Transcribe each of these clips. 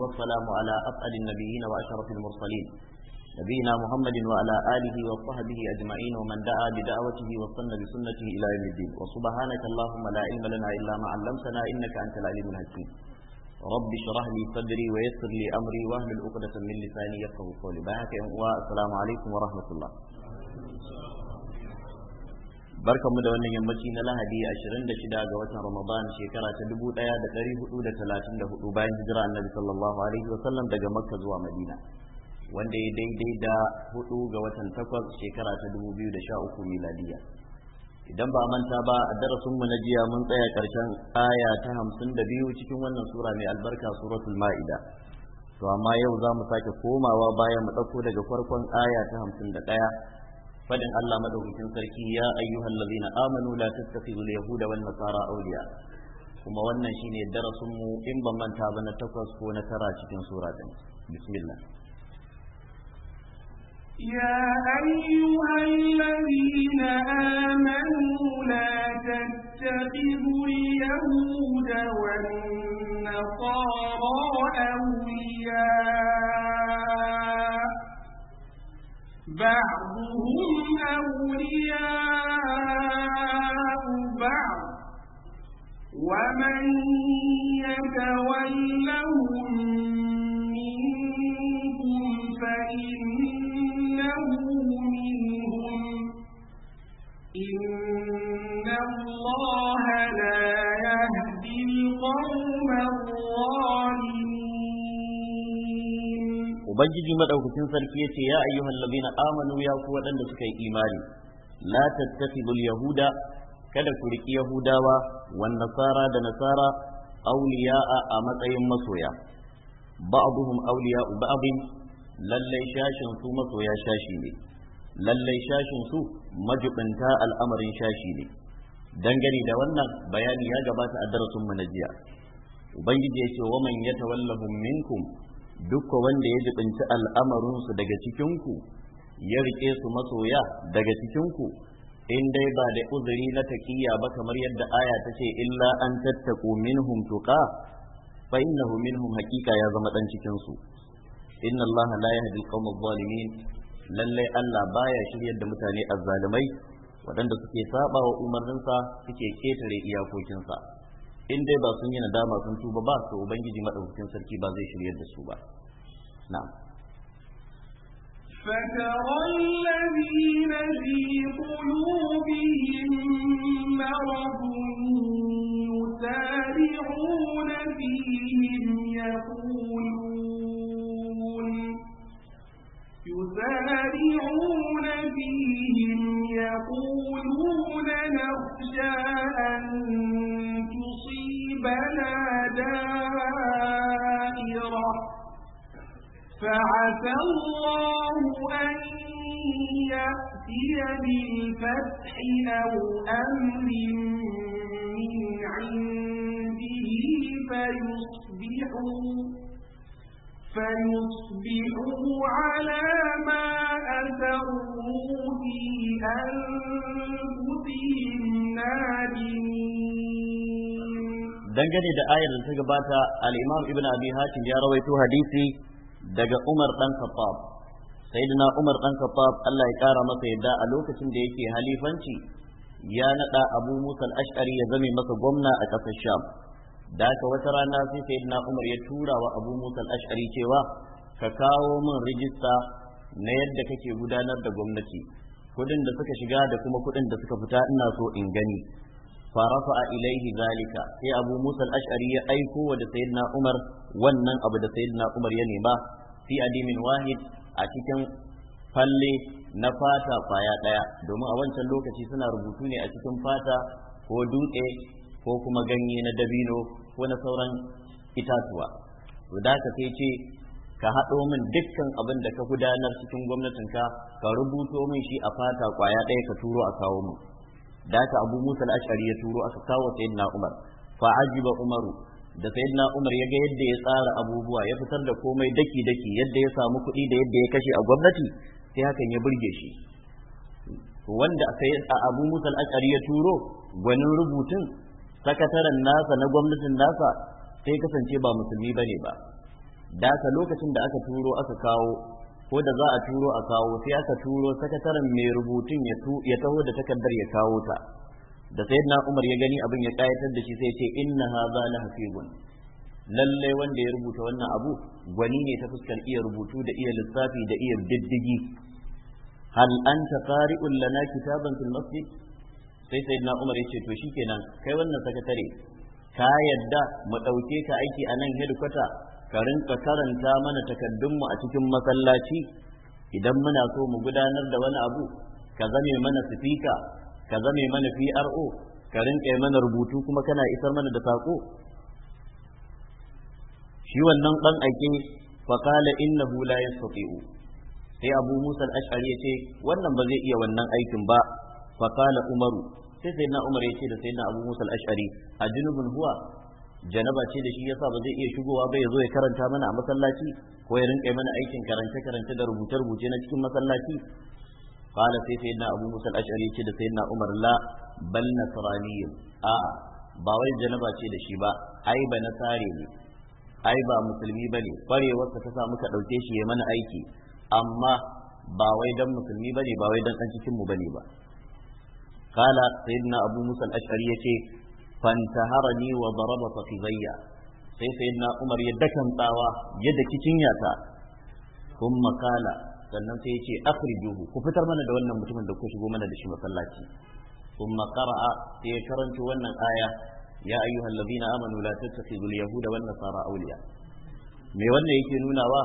والسلام على أفعل النبيين وأشرف المرسلين نبينا محمد وعلى آله وصحبه أجمعين ومن دعا بدعوته وصن بسنته إلى يوم الدين وسبحانك اللهم لا علم لنا إلا ما علمتنا إنك أنت العليم الحكيم رب اشرح لي صدري ويسر لي أمري واهل العقدة من لساني يفقه قولي بارك السلام عليكم ورحمة الله barkanmu da wannan yammaci na lahadi 26 ga watan ramadan shekara ta 1434 bayan hijira annabi sallallahu alaihi sallam daga makka zuwa madina wanda ya daidai da hudu ga watan takwas shekara ta 2013 miladiya idan ba manta ba a darasin mu na jiya mun tsaya karshen aya ta 52 cikin wannan sura mai albarka suratul ma'ida to amma yau za mu sake komawa baya mu ɗauko daga farkon aya ta 51 fadin Allah madaukakin sarki ya ayyuhal ladzina amanu la tattakhidul yahuda wan nasara awliya kuma wannan shine darasin mu in ban manta ba na takwas ko na tara cikin sura din bismillah يا أيها الذين آمنوا لا تتخذوا اليهود والنصارى أولياء بعضهم أولياء بعض ومن يتولهم منكم فإنه منهم إن الله لا يهدي القوم الظالمين ubangiji madaukakin sarki yace ya ayyuhal ladina amanu ya ku waɗanda suka yi imani la tattakhidul yahuda kada ku riki yahudawa wan nasara da nasara awliya'a a matsayin masoya ba'dhum awliya'u ba'dhin lallai shashin su masoya shashi ne lallai shashin su majibinta al'amarin shashi ne dangane da wannan bayani ya gabata a darasin mu na jiya ubangiji yace wa man yatawallahum minkum Dukka wanda ya jibinci al'amarinsu daga cikinku ya rike su masoya daga cikinku in dai ba da uzuri na taƙiyya ba kamar yadda aya ta ce illa an tattaku minhum tuqa fa innahu minhum haqiqa ya zama dan cikin su inna Allah la yahdi al-qawm adh-dhalimin lalle Allah baya shiryar da mutane azzalimai waɗanda suke saba wa umarninsa suke ketare iyakokinsa in dai ba sun yi nadama sun tuba ba su ubangiji madaukakin sarki ba zai shiryar da su ba na'am فترى الذين في قلوبهم مرض يسارعون فيهم يقول فعسى الله أن يأتي بالفتح أو أمر من عنده فيصبحوا فيصبحوا على ما أسروا في أنفسهم نادمين dangane da ayar da ta gabata al-Imam Ibn Abi Hatim ya rawaito hadisi daga Umar ɗan Khattab sayyidina Umar ɗan Khattab Allah ya kara masa yadda a lokacin da yake halifanci ya naɗa Abu Musa al-Ash'ari ya zame masa gwamna a ƙasar Sham da ka wata rana sai sayyidina Umar ya tura wa Abu Musa al-Ash'ari cewa ka kawo min rijista na yadda kake gudanar da gwamnati kuɗin da suka shiga da kuma kuɗin da suka fita ina so in gani farafa a ilaihi zalika sai abu musa al-ash'ari ya aiko wa da sayyidina umar wannan abu da sayyidina umar ya nema fi adimin wahid a cikin falle na fata kwaya daya domin a wancan lokaci suna rubutu ne a cikin fata ko dutse ko kuma ganye na dabino ko na sauran itatuwa to da ka sai ce ka haɗo min dukkan abin da ka gudanar cikin gwamnatinka ka rubuto min shi a fata kwaya ɗaya ka turo a kawo mu da ka abu musa al-ashari ya turo aka kawo sayyidina umar fa ajiba umaru da sayyidina Umar ya ga yadda ya tsara abubuwa ya fitar da komai daki daki yadda ya samu kuɗi da yadda ya kashe a gwamnati sai hakan ya burge shi wanda sai a Abu Musa al ya turo gwanin rubutun sakataren nasa na gwamnatin nasa sai kasance ba musulmi bane ba da lokacin da aka turo aka kawo ko da za a turo a kawo sai aka turo sakataren mai rubutun ya taho da takardar ya kawo ta da sayyidina Umar ya gani abin ya kayatar da shi sai ce inna hadha la hafizun lalle wanda ya rubuta wannan abu gwani ne ta fuskar iya rubutu da iya lissafi da iya diddigi hal anta qari'un lana kitaban fil masjid sai sayyidina Umar ya ce to shikenan kai wannan sakatare ka yadda mu dauke ka aiki a nan hedikwata ka rinka karanta mana takaddunmu a cikin masallaci idan muna so mu gudanar da wani abu ka zame mana sifika ka zame mana PRO ka rinƙe mana rubutu kuma kana isar mana da sako shi wannan dan aike fa Inna innahu la yastati'u sai Abu Musa al-Ash'ari ya ce wannan ba zai iya wannan aikin ba fa qala Umaru sai sai na Umar ya ce da na Abu Musa al-Ash'ari ajnubun huwa janaba ce da shi yasa ba zai iya shigowa ba ya zo ya karanta mana a masallaci ko ya rinƙe mana aikin karance karance da rubuce rubuce na cikin masallaci qala sai sayyidina abu musa al-ash'ari ce da sayyidina umar la bal nasraniyyun a'a ba wai janaba ce da shi ba ai ba nasare ne ai ba musulmi bane kwarewar ta sa ka ɗauke shi ya mana aiki amma ba wai dan musulmi bane ba wai dan dan cikin mu bane ba qala sayyidina abu musa yace fantaharani wa daraba fakhizayya sai sayyidina umar ya ya daki kuma kala sannan sai yace akhrijuhu ku fitar mana da wannan mutumin da ku shigo mana da shi masallaci kuma qara'a sai ya karanto wannan aya ya ayyuhal ladina amanu la tattakhidul yahuda wan nasara awliya me wannan yake nunawa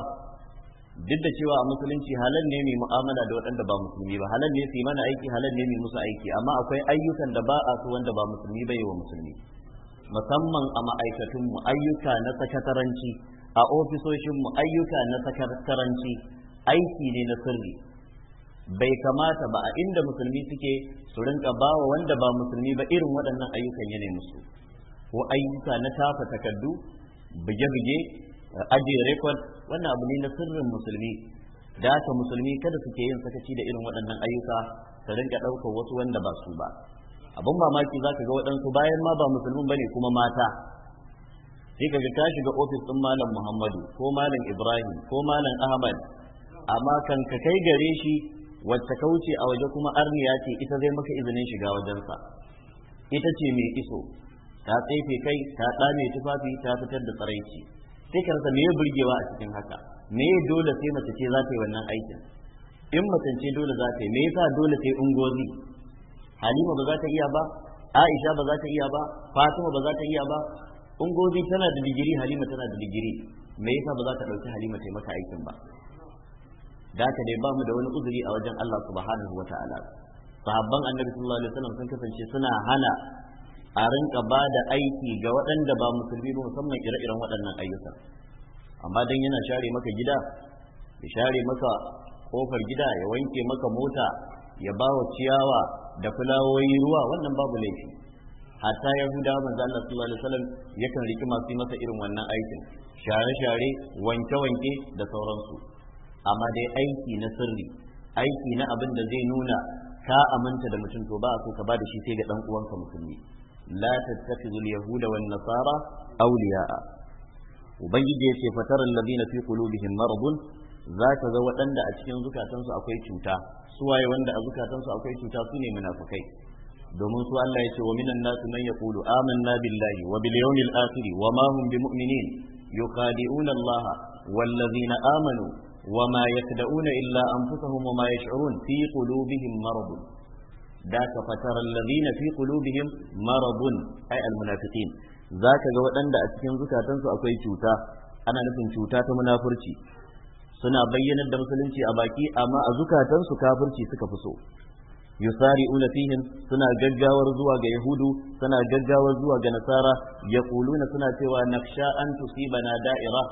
duk da cewa a musulunci halal ne mai mu'amala da waɗanda ba musulmi ba halal ne su yi mana aiki halal ne mai musu aiki amma akwai ayyukan da ba a su wanda ba musulmi ba wa musulmi musamman a ma'aikatunmu ayyuka na sakataranci a ofisoshinmu ayyuka na sakataranci aiki ne na sirri bai kamata ba a inda musulmi suke su rinka bawa wanda ba musulmi ba irin waɗannan ayyukan yana musu ko ayyuka na tafa takardu buge-buge ajiye rekod wannan abu ne na sirrin musulmi da ta musulmi kada suke yin sakaci da irin waɗannan ayyuka su rinka ɗaukar wasu wanda ba su ba abin mamaki za ka ga waɗansu bayan ma ba musulmin ba ne kuma mata sai ka ga ka shiga ofis ɗin malam muhammadu ko malam ibrahim ko malam ahmad amma kan ka kai gare shi wacce ka wuce a waje kuma arniya ce ita zai maka izinin shiga wajensa ita ce mai iso ta tsefe kai ta tsame tufafi ta fitar da tsaraici sai ka rasa me ya burgewa a cikin haka me ya dole sai mace ce za ta yi wannan aikin in mace ce dole za ta yi me yasa dole sai ungozi halima ba za ta iya ba aisha ba za ta iya ba fatima ba za ta iya ba ungozi tana da digiri halima tana da digiri me yasa ba za ta dauki halima ta maka aikin ba da haka dai bamu da wani uzuri a wajen Allah subhanahu ta'ala sahabban annabi sallallahu alaihi wasallam sun kasance suna hana a rinka ba da aiki ga waɗanda ba musulmi ba musamman ire-iren waɗannan ayyuka amma dan yana share maka gida ya share maka kofar gida ya wanke maka mota ya ba wa ciyawa da fulawoyi ruwa wannan babu laifi hatta ya yahudawa manzo Allah sallallahu alaihi wasallam yakan riki masu masa irin wannan aikin share-share wanke-wanke da sauransu amma dai aiki na sirri aiki na abin da zai nuna ka aminta da mutum to ba a so ka ba da shi sai ga dan uwanka musulmi la tattakhidul yahuda wan nasara awliya'a ubangiji yace fatara alladhina fi qulubihim maradun za ka ga waɗanda a cikin zukatansu akwai cuta su waye wanda a zukatansu akwai cuta su ne munafukai domin su Allah ya ce wa minan nasu man yaqulu amanna billahi wa bil yawmil akhir wa ma hum bimu'minin yukhadi'una Allah wal ladzina amanu وما يخدعون إلا أنفسهم وما يشعرون في قلوبهم مرض ذاك فترى الذين في قلوبهم مرض أي المنافقين ذاك جوان دا أتكين زكاة أكوي شوتا أنا نفهم شوتا تمنافرتي سنا بينا دا مسلمتي أباكي أما أزكاة سكافرتي سكفسو yusari'una fihim suna gaggawar zuwa ga yahudu suna gaggawar zuwa ga nasara yaquluna suna cewa naksha an tusibana da'ira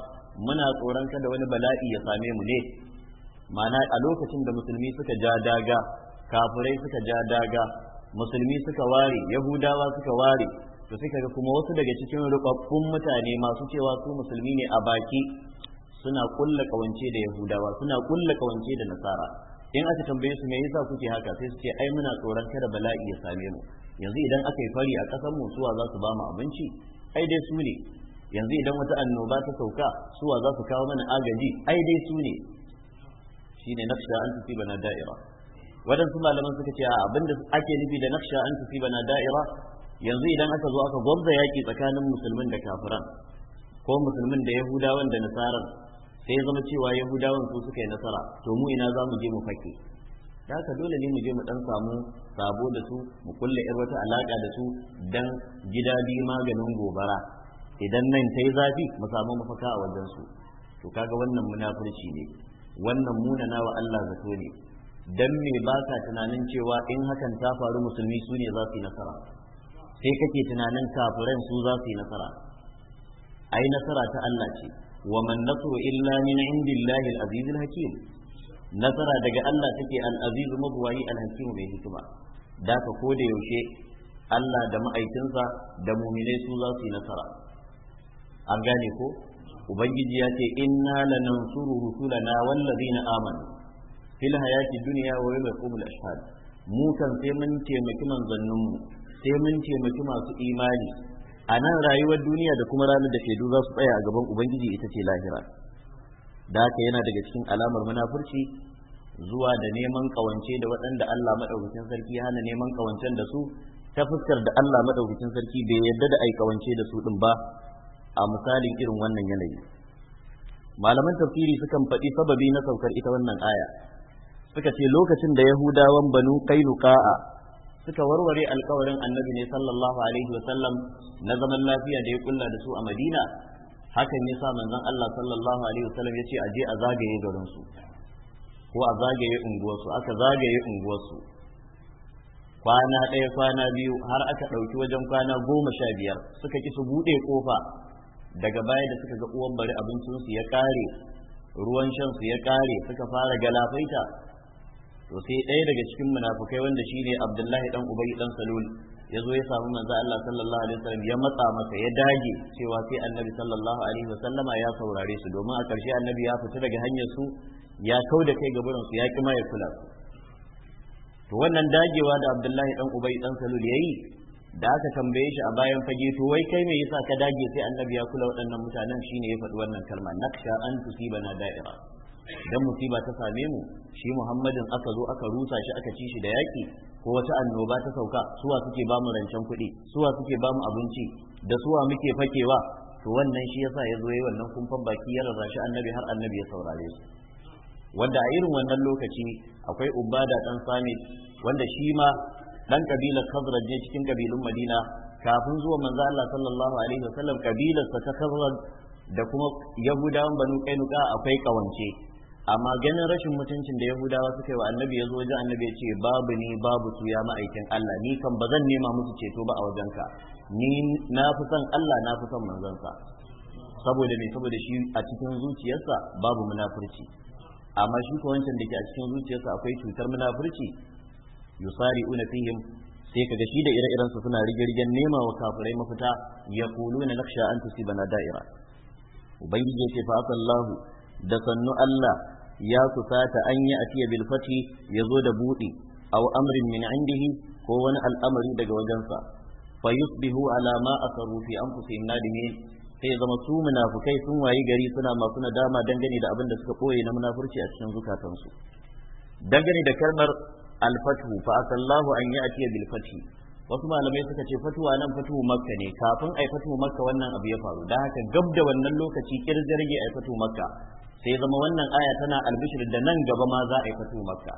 muna tsoron kada wani bala'i ya same mu ne ma'ana a lokacin da musulmi suka ja daga kafirai suka ja daga musulmi suka ware yahudawa suka ware to sai kaga kuma wasu daga cikin rubabbun mutane masu cewa su musulmi ne a baki suna kulla kawance da yahudawa suna kulla kawance da nasara in aka tambaye su me yasa kuke haka sai su ce ai muna tsoron kada bala'i ya same mu yanzu idan aka yi fari a kasar mu suwa za su ba mu abinci ai dai su ne yanzu idan wata annoba ta sauka suwa za su kawo mana agaji ai dai su ne shi ne nafsha an bana da'ira wadansu malaman suka ce a abinda ake nufi da nafsha an bana da'ira yanzu idan aka zo aka gwabza yaƙi tsakanin musulmin da kafiran ko musulmin da yahudawan da nasaran sai zama cewa yahudawan su suka yi nasara to mu ina za mu je mu fake da haka dole ne mu je mu dan samu sabo da su mu kulle irin wata alaka da su dan gida biyu maganin gobara idan nan ta yi zafi mu samu mafaka a wajensu to kaga wannan munafurci ne wannan munana wa Allah zato ne dan me ba ka tunanin cewa in hakan ta faru musulmi su ne za su yi nasara sai kake tunanin kafiran su za su yi nasara ai nasara ta Allah ce wa man nasru illa min indillahi al-aziz hakim nasara daga Allah take al-aziz mabwayi al-hakim mai hikima da ka ko da yaushe Allah da ma'aikinsa da muminai su za su yi nasara an gane ko ubangiji ya ce inna lanansuru rusulana wallazina amanu fil hayati dunya wa yawmal qiyamah ashhad mu kan sai mun taimaki manzannin mu sai mun taimaki masu imani a nan rayuwar duniya da kuma ranar da shaidu za su tsaya a gaban ubangiji ita ce lahira da haka yana daga cikin alamar munafurci zuwa da neman kawance da waɗanda Allah madaukakin sarki hana neman kawancen da su ta fuskar da Allah madaukakin sarki bai yarda da ai kawance da su din ba a misalin irin wannan yanayi malaman tafsiri sukan faɗi sababi na saukar ita wannan aya suka ce lokacin da yahudawan banu kainuka'a suka warware alkawarin annabi ne sallallahu alaihi wa sallam na zaman lafiya da ya kulla da su a madina hakan ya sa manzon Allah sallallahu alaihi wa ya ce a je a zagaye garin su ko a zagaye su aka zagaye su kwana ɗaya kwana biyu har aka ɗauki wajen kwana goma sha biyar suka ki su buɗe ƙofa daga baya da suka ga uwan bari abincinsu ya kare ruwan shansu ya kare suka fara galafaita to sai ɗaya daga cikin munafukai wanda shine Abdullahi dan Ubay dan Salul ya zo ya samu manzo Allah sallallahu alaihi wasallam ya matsa masa ya dage cewa sai Annabi sallallahu alaihi wasallama ya saurare su domin a ƙarshe Annabi ya fita daga hanyar su ya kau da kai ga gaburin su ya ki ya kula to wannan dagewa da Abdullahi dan Ubay dan Salul yayi da aka tambaye shi a bayan fage to wai kai me yasa ka dage sai annabi ya kula waɗannan mutanen shine ya faɗi wannan kalma naksha an tusibana da'ira dan musiba ta same mu shi Muhammadin aka zo aka rusa shi aka ci shi da yaki ko wata annoba ta sauka suwa suke ba mu rancen kuɗi suwa suke ba mu abinci da suwa muke fakewa to wannan shi yasa ya zo yi wannan kumfan baki ya shi annabi har annabi ya saurare su wanda a irin wannan lokaci akwai ubada dan sami wanda shi ma dan kabilar khazraj ne cikin kabilun madina kafin zuwa manzo Allah sallallahu alaihi wasallam kabilar ta khazraj da kuma yahudawan banu Qainuqa akwai kawance amma ganin rashin mutuncin da yahudawa suka yi wa annabi ya zo wajen annabi ya ce babu ni babu su ya ma'aikin Allah ni kan ba zan nema musu ceto ba a wajenka ni na fi son Allah na fi son manzansa saboda me saboda shi a cikin zuciyarsa babu munafurci amma shi ko wancan da ke a cikin zuciyarsa akwai cutar munafurci yusari'una fihim sai kaga shi da ire-iren su suna rigirgen nema wa kafirai mafita na nakhsha an bana da'ira ubangiji ya ce fa Allahu da sannu Allah ya sata an yi atiya bil fati zo da budi aw amrin min indihi ko wani al'amari daga wajensa fa yusbihu ala ma asaru fi anfusihim nadimin sai zama su munafukai sun wayi gari suna masu nadama dangane da abin da suka koye na munafurci a cikin zukatansu dangane da kalmar al-fathu fa asallahu an ya'tiya wasu malamai suka ce fatuwa nan fatuhu makka ne kafin ai fatuhu makka wannan abu ya faru Da haka gab da wannan lokaci kirjirge ai fatuhu makka sai zama wannan aya tana albishir da nan gaba ma za a yi fatuhu makka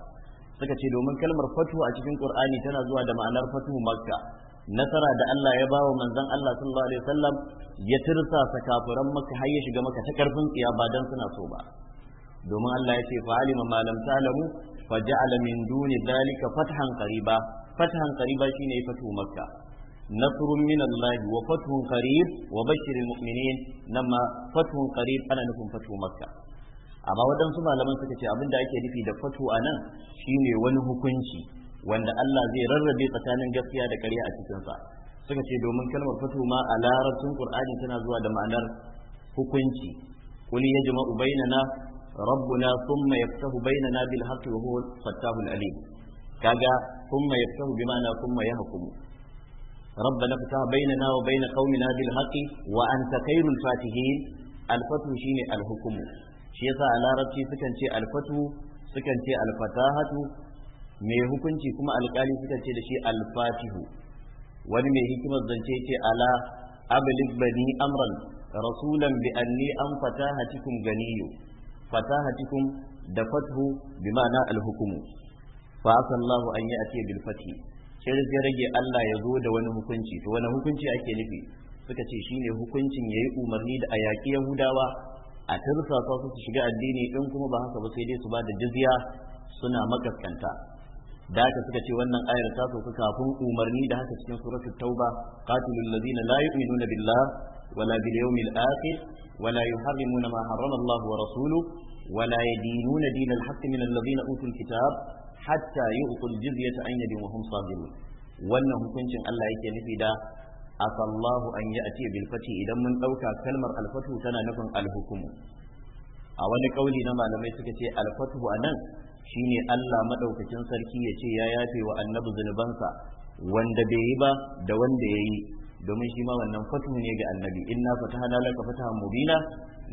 suka ce domin kalmar fatuhu a cikin qur'ani tana zuwa da ma'anar fatuhu makka nasara da Allah ya bawa manzon Allah sallallahu alaihi wasallam ya tirsasa kafiran maka har ya shiga maka ta karfin tsiya ba dan suna so ba domin Allah ya ce fa alima malam ta'lamu faja'ala min duni dhalika fathan qariba fathan qariba shine fatu makka nasrun min Allah wa fathun qarib wa bashiril mu'minin namma fathun qarib ana nufin fatu makka amma waɗansu malaman suka ce abin da ake nufi da fatu a nan shine wani hukunci wanda Allah zai rarrabe tsakanin gaskiya da ƙarya a cikinsa suka ce domin kalmar fatu ma a larabcin ƙur'ani tana zuwa da ma'anar hukunci kul yajma'u bainana rabbuna thumma yaftahu na bil haqqi wa huwa fattahul alim kaga thumma yaftahu bi ربنا افتح بيننا وبين قومنا بالحق وانت خير الفاتحين الفتو شيني الحكم shi yasa a larabci sukan ce alfatu sukan ce mai hukunci kuma alkali sukan ce da shi alfatihu wani mai hikimar zance ce ala ablig bani amran rasulan bi anni an hatikun ganiyu fatahatikum da fathu bi ma'ana alhukumu. hukumu fa asa Allah an ya'ti bil fathi sai rage Allah ya zo da wani hukunci to wani hukunci ake nufi suka ce shine hukuncin yayi umarni da ayaki Yahudawa a tursasa su shiga addini in kuma ba haka ba sai dai su ba da jizya suna makaskanta da haka suka ce wannan ayar ta sauka kafin umarni da haka cikin suratul tauba qatilul ladina la yu'minuna billah ولا باليوم الآخر ولا يحرمون ما حرم الله ورسوله ولا يدينون دين الحق من الذين أوتوا الكتاب حتى يؤتوا الجزية عن يد وهم صاغرون wannan hukuncin Allah yake nufi da asallahu an ya'ti bil fati idan mun dauka kalmar alfathu tana nufin alhukumu a wani kauli na malamai suka ce alfathu alfatu anan shine Allah maɗaukacin sarki ya ce ya yafe wa annabi zunubansa wanda bai yi ba da wanda ya yi domin shi ma wannan fatuhu ne ga annabi inna fatahna laka fatahan mubina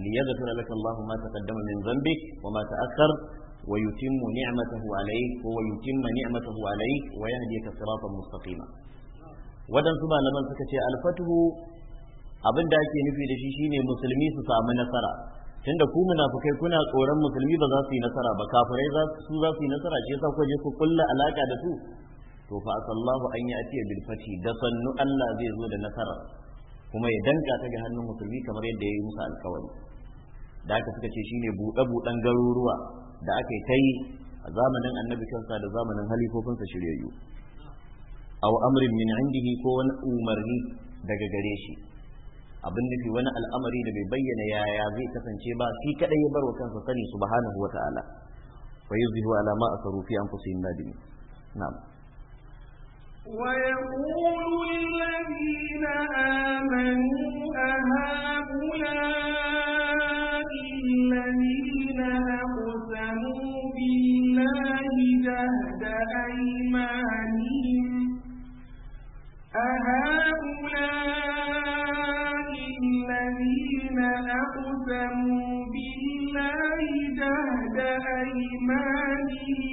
liyaghfira laka Allahu ma taqaddama min dhanbik wa ma ta'akhkhar wa yutimmu ni'matahu alayk wa yutimma ni'matahu alayk wa yahdika siratan mustaqima wadansu malaman suka ce alfatuhu abin da ake nufi da shi shine musulmi su samu nasara tunda ku munafukai kuna tsoron musulmi ba za su yi nasara ba kafirai za su za su yi nasara shi yasa ku je ku kulla alaka da su to fa asallahu an ya'tiya bil fati da sannu Allah zai zo da nasara kuma ya danka ta ga hannun musulmi kamar yadda ya yi musu alkawari da aka suka ce shine buɗe buɗen garuruwa da aka yi ta a zamanin annabi kansa da zamanin halifofinsa shiryayyu aw amrin min indihi ko wani umarni daga gare shi abin nufi wani al'amari da bai bayyana yaya zai kasance ba shi kadai ya wa kansa sani subhanahu wa ta'ala wa alama ala ma asaru fi anfusihim nadim na'am ويقول الذين آمنوا أهؤلاء الذين أقسموا بالله أهؤلاء الذين أقسموا بالله جهد أيمانهم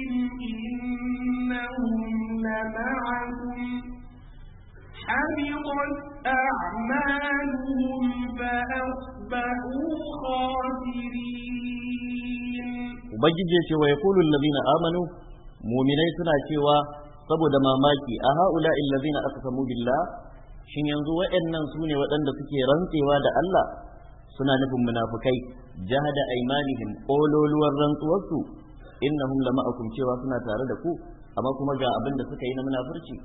Ubangiji أعمالهم فأصبحوا خاسرين ya cewa يقول amanu, muminai suna cewa saboda mamaki a ha'ula illazina samu billah shin yanzu waɗannan su ne waɗanda suke rantsewa da Allah suna nufin munafukai jahada aimanihin ƙololuwar rantsuwarsu innahum lama'akum cewa suna tare da ku amma kuma ga abin da suka yi na munafurci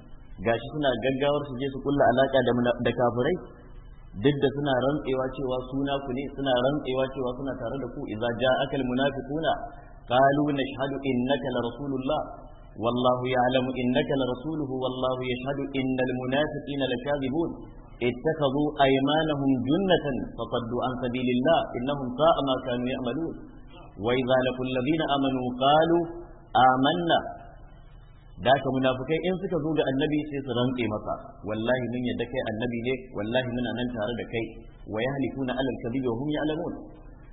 gashi suna gaggawar su je su kulla alaka da kafirai duk da suna rantsewa cewa suna ku ne suna rantsewa cewa suna tare da ku idza ja'aka almunafiquna qalu nashhadu innaka la rasulullah wallahu ya'lamu innaka la rasuluhu wallahu yashhadu innal munafiqina lakadhibun اتخذوا أيمانهم جنة فصدوا عن سبيل الله إنهم ساء ما كانوا يعملون وإذا لقوا الذين amanu قالوا amanna. da ka munafukai in suka zo da annabi sai su rantse masa wallahi mun yadda kai annabi ne wallahi muna nan tare da kai wa yahlikuna alal kadhib wa hum ya'lamun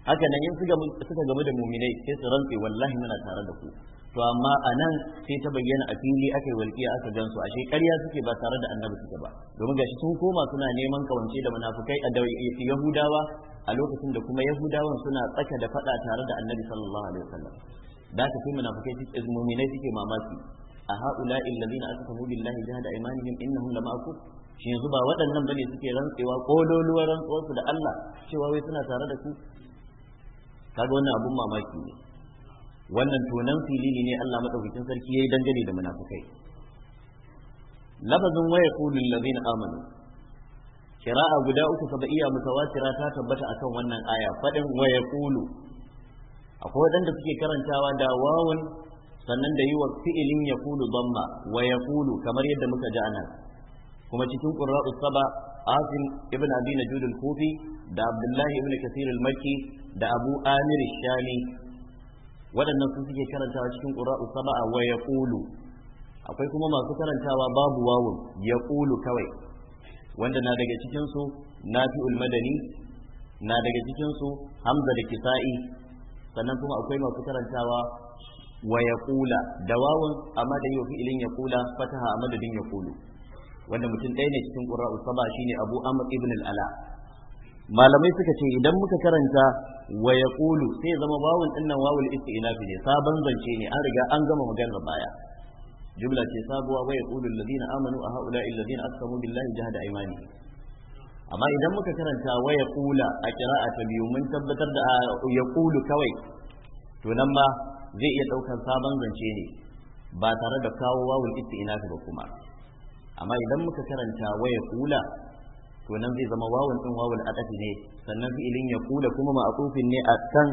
haka nan in suka suka gamu da muminai sai su rantse wallahi muna tare da ku to amma a nan sai ta bayyana a fili aka yi walƙiya aka gansu ashe ƙarya suke ba tare da annabi suke ba domin gashi sun koma suna neman kawance da munafukai a eh, yahudawa a lokacin da kuma yahudawan suna tsaka da faɗa tare da annabi sallallahu alaihi wasallam da haka sai munafukai suke muminai suke mamaki a ha'ula'i allazina asfahu billahi jahada imanihim innahum lama'akum shi yanzu ba waɗannan bane suke rantsewa kololuwar rantsuwar su da Allah cewa wai suna tare da ku kaga wannan abun mamaki ne wannan tunan filili ne Allah madaukakin sarki yayi dangane da munafikai lafazin waya qulul ladina amanu kira'a guda uku sabaiya mutawatira ta tabbata akan wannan aya fadin waya qulu akwai wadanda suke karantawa da wawun sannan da yi wa fi'ilin ya kulu bamma wa ya kulu kamar yadda muka ji anan kuma cikin ƙurra'u usaba, asim ibn abi najud al-kufi da abdullahi ibn kasir al-makki da abu amir Shani, waɗannan su suke karantawa cikin ƙurra'u usaba wa ya kulu akwai kuma masu karantawa babu wawun ya kulu kawai wanda na daga cikinsu nafi'ul madani na daga cikinsu hamza da kisa'i sannan kuma akwai masu karantawa Waya yaqula da wawan amma da yau fi'ilin kula, fataha a madadin kulu, wanda mutum ɗaya ne cikin qurra usaba ne abu amr ibn al-ala malamai suka ce idan muka karanta wa yaqulu sai zama wawan dinnan wawul fi ne sabon zance ne an riga an gama maganar baya jumla ce sabuwa waya Kulu, alladhina amanu a haula alladhina aqsamu billahi jahada imani amma idan muka karanta waya kula a kiraa ta biyu mun tabbatar da Kulu kawai to nan ma zai iya ɗaukar sabon zance ne ba tare da kawo wawul isti'nafi ba kuma amma idan muka karanta waya kula to nan zai zama wawun din wawul adafi ne sannan fi'ilin ya kula kuma ma'qufin ne akan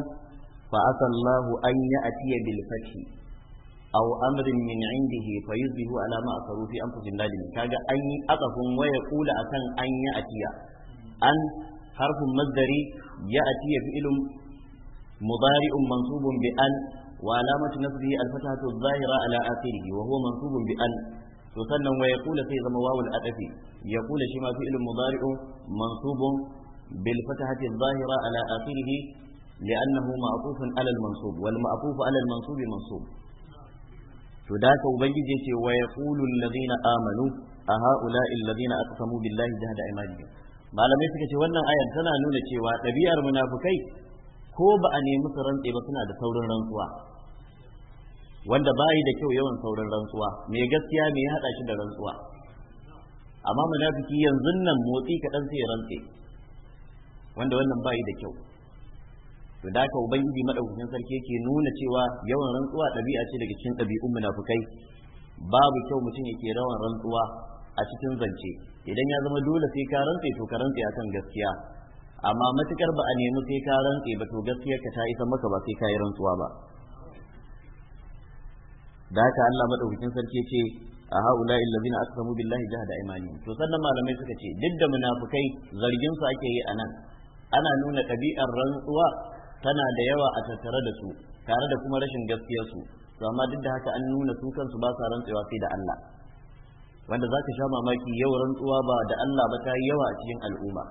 fa asallahu an ya'tiya bil fathi aw amrin min indihi fa yuzbihu ala ma asaru fi anfusihim nadimin kaga an yi aqafun waya kula akan an ya'tiya an harfun masdari ya'tiya fi'ilun مضارع منصوب an. وعلامة نصبه الفتحة الظاهرة على آخره وهو منصوب بأن وسنن ويقول في واو الأدف يقول شما فعل مضارع منصوب بالفتحة الظاهرة على آخره لأنه معطوف على المنصوب والمعطوف على المنصوب منصوب فذاك أبيجي ويقول الذين آمنوا أهؤلاء الذين أقسموا بالله جهد أيمانهم malamai suka ce wannan ayar tana nuna cewa ɗabi'ar munafukai ko ba a nemi su rantse ba suna da saurin rantsuwa wanda ba yi da kyau yawan saurin rantsuwa me gaskiya me ya hada shi da rantsuwa amma munafiki yanzu nan motsi kaɗan sai ya rantse wanda wannan ba yi da kyau to da haka ubangiji madaukakin sarki yake nuna cewa yawan rantsuwa ɗabi'a ce daga cikin ɗabi'un munafukai babu kyau mutum yake rawan rantsuwa a cikin zance idan ya zama dole sai ka rantse to ka rantse akan gaskiya amma matukar ba a nemi sai ka rantse ba to gaskiyar ka ta isa maka ba sai ka yi rantsuwa ba da haka Allah madaukakin sarki ce a haula illazina aqsamu billahi jahada imani to sannan malamai suka ce duk da munafikai zargin su ake yi anan ana nuna ɗabi'ar rantsuwa tana da yawa a tattare da su tare da kuma rashin gaskiyar su to amma duk da haka an nuna su kansu ba sa rantsuwa, sai da Allah wanda zaka sha mamaki yau rantsuwa ba da Allah ba ta yi yawa a cikin al'umma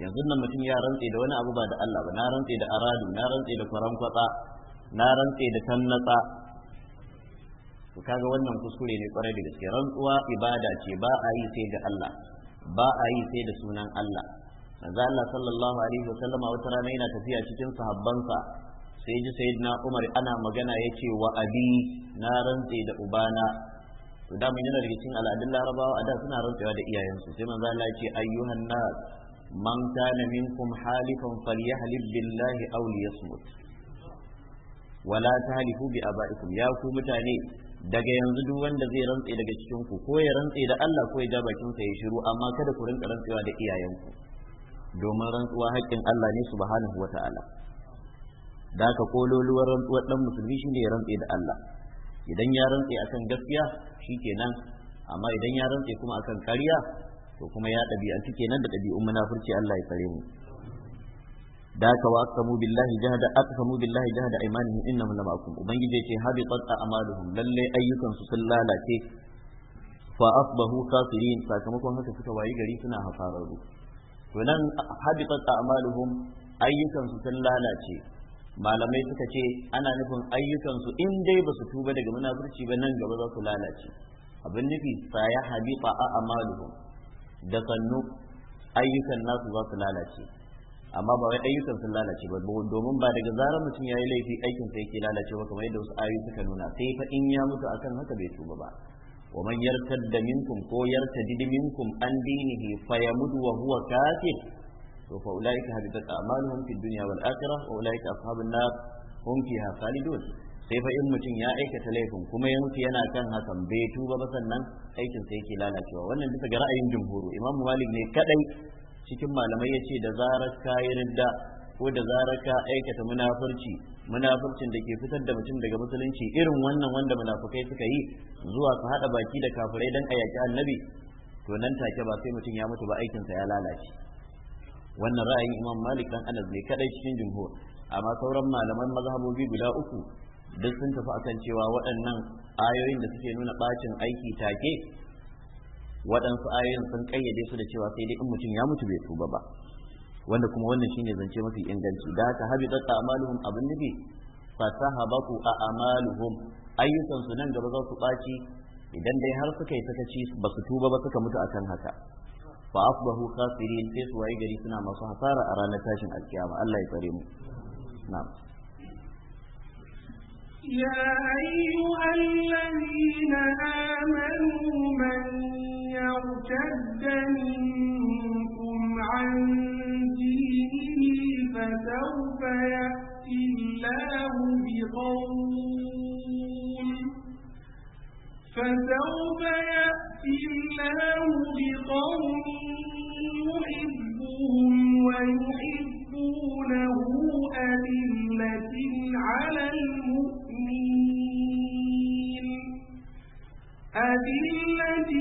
yanzu nan mutum ya rantse da wani abu ba da Allah ba na rantse da aradu na rantse da kwaran kwatsa na rantse da tannatsa to kaga wannan kuskure ne kwarai da gaske rantsuwa ibada ce ba a yi sai ga Allah ba a yi sai da sunan Allah manzo Allah sallallahu alaihi wa sallama wata rana yana tafiya cikin sahabbansa sai ji sayyidina Umar ana magana yace wa abi na rantse da ubana to da mun yana daga cikin al'adun Larabawa a da suna rantsewa da iyayensu sai manzo Allah ya ayyuhan nas man kana minkum halifan falyahlib billahi aw liyasmut wala tahlifu bi abaikum ya ku mutane daga yanzu duk wanda zai rantse daga cikin ku ko ya rantse da Allah ko ya ja bakin sa ya shiru amma kada ku rinka rantsewa da iyayenku domin rantsuwa haƙƙin Allah ne subhanahu wata'ala da ka kololuwar rantsuwar dan musulmi shine ya rantse da Allah idan ya rantse akan gaskiya shikenan amma idan ya rantse kuma akan ƙarya to kuma ya ɗabi'antu kenan da ɗabi'un munafurci Allah ya tsare mu da ka wa aqsamu billahi jahada aqsamu billahi jahada aymanihim innahum la ma'akum ubangiji yace habitat a'maluhum lalle ayyukan su sun lalace fa asbahu khasirin sakamakon haka suka wayi gari suna hasararru to nan habitat a'maluhum ayyukan su sun lalace malamai suka ce ana nufin ayyukan su in dai ba su tuba daga munafurci ba nan gaba za su lalace abin nufi sa ya habita a'maluhum da sannu ayyukan nasu za su lalace amma ba wai ayyukan sun lalace ba domin ba daga zarar mutum ya yi laifi aikin sa yake lalace ba kamar yadda wasu ayoyi suka nuna sai fa in ya mutu akan haka bai tuba ba wa man yartadda minkum ko yartadid minkum an dinihi fayamut wa huwa kafir to fa ulaika habitat a'maluhum fid dunya wal akhirah wa ulaika ashabun nar hum fiha khalidun sai fa in mutum ya aikata laifin kuma ya mutu yana kan hakan bai tuba ba sannan aikin sa yake lalacewa wannan bisa ga ra'ayin jumhuru imam malik ne kadai cikin malamai ya ce da zarar ka yi nidda ko da zarar ka aikata munafurci munafurcin da ke fitar da mutum daga musulunci irin wannan wanda munafukai suka yi zuwa su haɗa baki da kafirai don a yaƙi annabi to nan take ba sai mutum ya mutu ba aikinsa ya lalace wannan ra'ayin imam malik dan anas ne kadai cikin jumhur amma sauran malaman mazhabobi guda uku duk sun tafi akan cewa waɗannan ayoyin da suke nuna bacin aiki take waɗansu ayoyin sun ƙayyade su da cewa sai dai in mutum ya mutu bai tuba ba wanda kuma wannan shine zance mafi inganci da haka da ta'amaluhum abin fa sahabaku a amaluhum ayyukan su nan gaba za su ɓaci idan dai har suka yi sakaci ba su tuba ba suka mutu akan haka fa asbahu khasirin sai su waye gari suna masu hasara a ranar tashin alkiyama Allah ya tsare mu na'am يا أيها الذين آمنوا من يرتد منكم عن دينه فسوف يأتي الله بقوم فسوف يأتي الله بقوم يحبهم ويحبونه أذلة على المؤمنين أذلة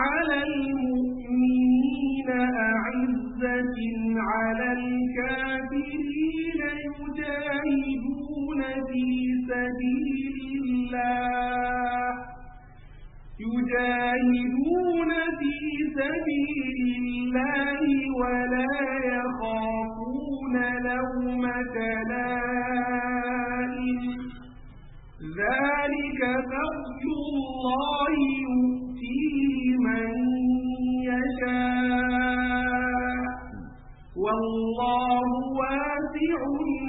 على المؤمنين أعزة على الكافرين يجاهدون في سبيل الله يجاهدون في سبيل الله ولا يخافون لومة لائم ذلك فرج الله يؤتي من يشاء والله واسع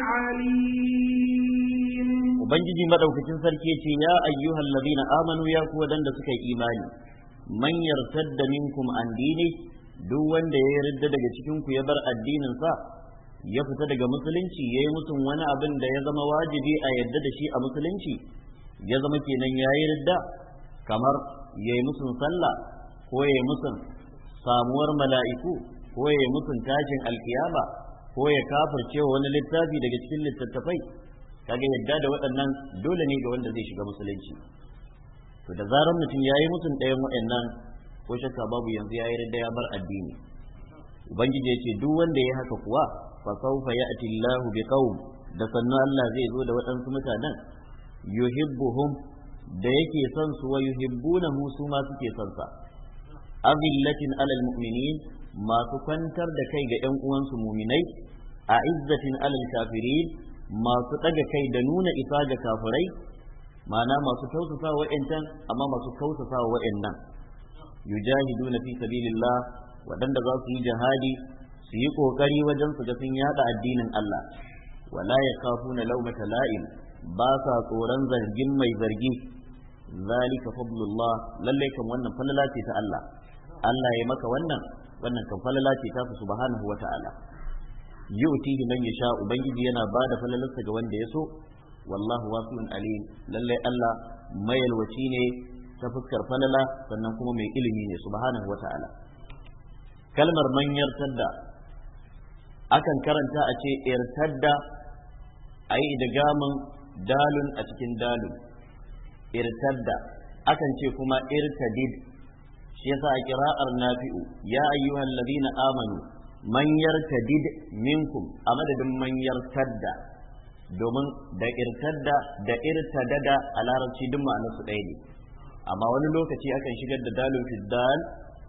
عليم وبنجي مدوكتين سركيتي يا أيها الذين آمنوا يا قوة دسك إيماني من يرتد منكم عن دينه duk wanda ya yi daga cikin ku ya fita daga musulunci ya yi mutum wani abin da ya zama wajibi a yadda da shi a musulunci ya zama kenan ya yi ridda kamar ya yi mutum sallah ko ya yi mutum samuwar mala'iku ko ya yi mutum tashin alkiyama ko ya kafirce wani littafi daga cikin littattafai kaga yadda da waɗannan dole ne ga wanda zai shiga musulunci to da zarar mutum ya yi mutum ɗayan waɗannan ko shakka babu yanzu ya yi ridda ya bar addini ubangiji ya ce duk wanda ya haka kuwa fa sawfa ya'ti Allahu da sannan Allah zai zo da waɗansu mutanen yuhibbuhum da yake son su wa yuhibbuna su ma suke son sa azillatin alal mu'minin masu kwantar da kai ga ƴan uwansu muminai a izzatin alal kafirin masu ɗaga kai da nuna isa ga kafirai ma'ana masu wa wa'yancan amma masu kausasa wa'yannan yujahiduna fi sabilillah waɗanda za su yi jihadi su yi ƙoƙari wajen su ga sun addinin Allah wala na lawmata la'im ba sa tsoron zargin mai zargi zalika fadlullah Lallai kan wannan falala ce ta Allah Allah ya maka wannan wannan kan falala ce ta subhanahu wata'ala yu'tihi man yasha ubangiji yana bada falalarsa ga wanda ya so wallahu wasi'un alim Lallai Allah mayalwaci ne ta fuskar falala sannan kuma mai ilimi ne subhanahu wata'ala kalmar manyar yartar da akan karanta a ce irtadda a yi gamin dalun a cikin dalun irtadda akan ce kuma irtadid shi yasa a kira'ar nafi'u ya ayyuhal ladina amanu man yartadid minkum a madadin man yartadda domin da irtadda da irtadada a larabci duk su ɗaya ne amma wani lokaci akan shigar da dalun fiddal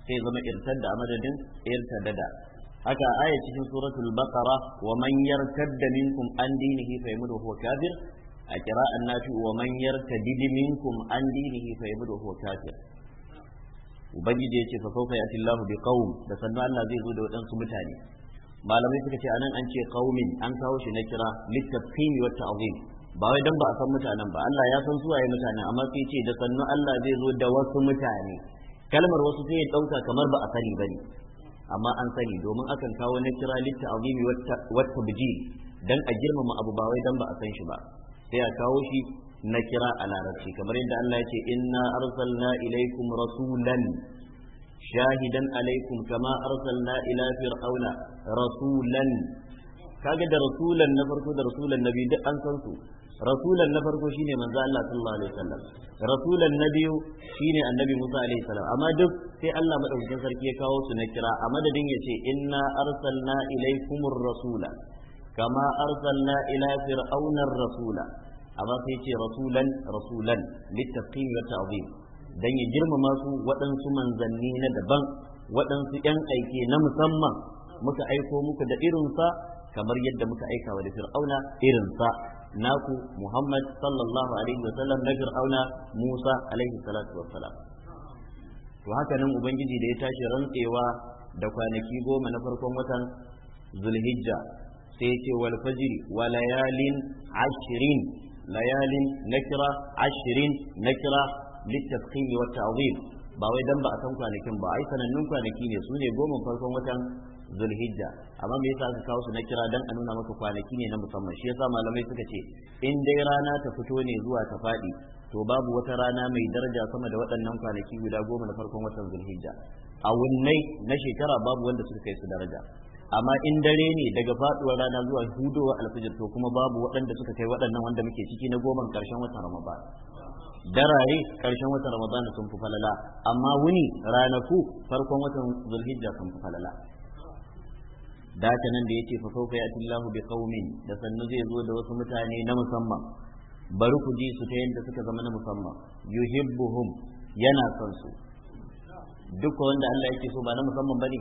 sai zama irtadda a madadin irtadada haka aya cikin suratul baqara wa man yartadda minkum an dinihi fa yamut wa huwa kafir a qira'an nafi wa man yartadid minkum an dinihi fa yamut wa huwa kafir ubangiji yace fa sawfa yati Allahu bi qaum da sannan Allah zai zo da wadansu mutane malamai suka ce anan an ce qaumin an kawo shi na kira litafhimi wa ta'zim ba wai dan ba a san mutanen ba Allah ya san suwaye mutanen amma sai ce da sannu Allah zai zo da wasu mutane kalmar wasu sai ya dauka kamar ba a sani bane amma an sani domin akan kawo na kira litta azimi wata biji dan a girmama abu ba wai dan ba a san shi ba sai a kawo shi na kira a larabci kamar yadda Allah ya ce inna arsalna ilaikum rasulan shahidan alaikum kama arsalna ila fir'auna rasulan kaga da rasulan na farko da rasulan nabi duk an san su rasulan na farko shine manzo Allah sallallahu alaihi wasallam rasulan na biyu shine annabi Musa alaihi salam amma duk sai Allah madaukakin sarki ya kawo su na kira a madadin ya ce inna arsalna ilaikumur rasula kama arsalna ila fir'auna rasula amma sai ce rasulan rasulan littaqim wa ta'zim dan ya girmama su waɗansu manzanni na daban waɗansu ƴan aike na musamman muka aiko muku da irinsa kamar yadda muka aika wa da fir'auna irinsa naku Muhammad sallallahu alaihi wa sallam na Fir'auna Musa alaihi salatu wa salam to haka nan ubangiji da ya tashi rantsewa da kwanaki goma na farkon watan Zulhijja sai ya ce wal fajri wa layalin ashrin layalin nakira ashrin nakira littafqin ba wai dan ba a san kwanakin ba ai sanannun kwanaki ne su ne goma farkon watan zulhijja amma me yasa aka kawo su na kira dan a nuna maka kwanaki ne na musamman shi yasa malamai suka ce in dai rana ta fito ne zuwa ta faɗi to babu wata rana mai daraja sama da waɗannan kwanaki guda goma na farkon watan zulhijja a wunnai na shekara babu wanda suka kai su daraja amma in dare ne daga faduwar rana zuwa hudowa alfajir to kuma babu waɗanda suka kai waɗannan wanda muke ciki na goma ƙarshen watan ramadan darare ƙarshen watan ramadan sun fi falala amma wuni ranaku farkon watan zulhijja sun fi falala da haka nan da ya ce fa sawfa ya Allahu bi qaumin da sannu zai zo da wasu mutane na musamman bari ku ji su ta yadda suka zama na musamman yuhibbuhum yana son su duk wanda Allah yake so ba na musamman bane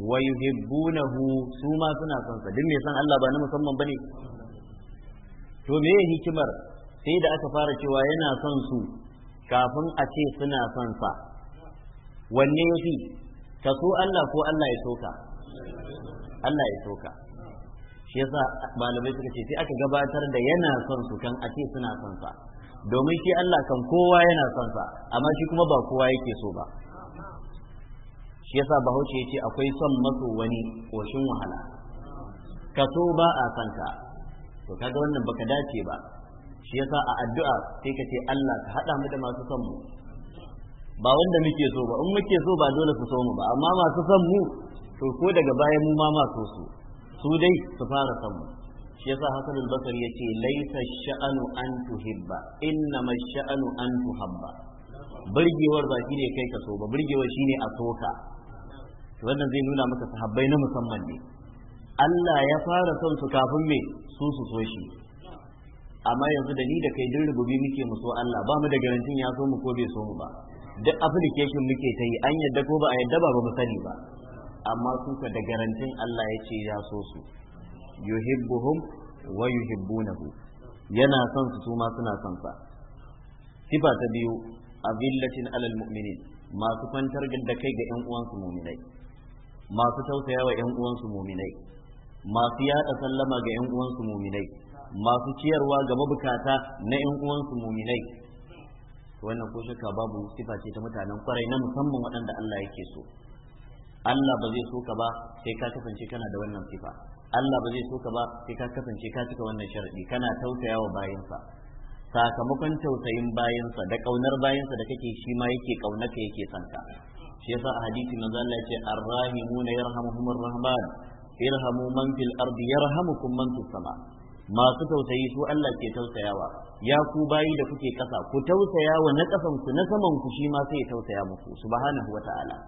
wa yuhibbunahu su ma suna son sa duk me san Allah ba na musamman bane to me hikimar sai da aka fara cewa yana son su kafin a ce suna son sa wanne yafi ka so Allah ko Allah ya soka ka Allah ya soka shi yasa malamai suka ce sai aka gabatar da yana son su kan ake suna son sa domin shi Allah kan kowa yana son sa amma shi kuma ba kowa yake so ba shi yasa bahaushe yace akwai son maso wani koshin wahala ka so ba a son ka to kaga wannan baka dace ba shi yasa a addu'a sai ka ce Allah ka hada mu da masu son mu ba wanda muke so ba in muke so ba dole su so mu ba amma masu son mu to ko daga baya mu ma masu su su dai su fara sanmu shi yasa hasan al-Basri yace laisa sha'anu an tuhibba inna ma sha'anu an tuhabba burgewar ba shine kai ka so ba burgewar shine a soka to wannan zai nuna maka sahabbai na musamman ne Allah ya fara son su kafin me su su so shi amma yanzu da ni da kai duk rububi muke mu so Allah ba mu da garantin ya so mu ko bai so mu ba duk application muke ta yi an yadda ko ba a yadda ba ba mu sani ba amma suka ka da garantin Allah ya ce ya so su yuhibbuhum wa yuhibbunahu yana son su kuma suna son sa sifa ta biyu abillatin alal mu'minin masu kwantar da kai ga ƴan uwansu mu'minai masu tausaya wa ƴan uwansu mu'minai masu yada sallama ga ƴan uwansu mu'minai masu ciyarwa ga mabukata na ƴan uwansu mu'minai wannan ko shakka babu sifa ce ta mutanen kwarai na musamman waɗanda Allah yake so Allah ba zai so ka ba sai ka kasance kana da wannan sifa Allah ba zai so ka ba sai ka kasance ka cika wannan sharadi kana tausaya wa bayinsa sakamakon tausayin bayansa da kaunar bayansa da kake shi ma yake kaunar ka yake son ka shi yasa a hadisi manzo Allah yace arrahimuna yarhamuhumur rahman irhamu man fil ardi yarhamukum man fis sama masu tausayi su Allah ke tausayawa ya ku bayi da kuke kasa ku tausayawa na kasan ku na saman ku shi ma sai ya tausaya muku subhanahu wataala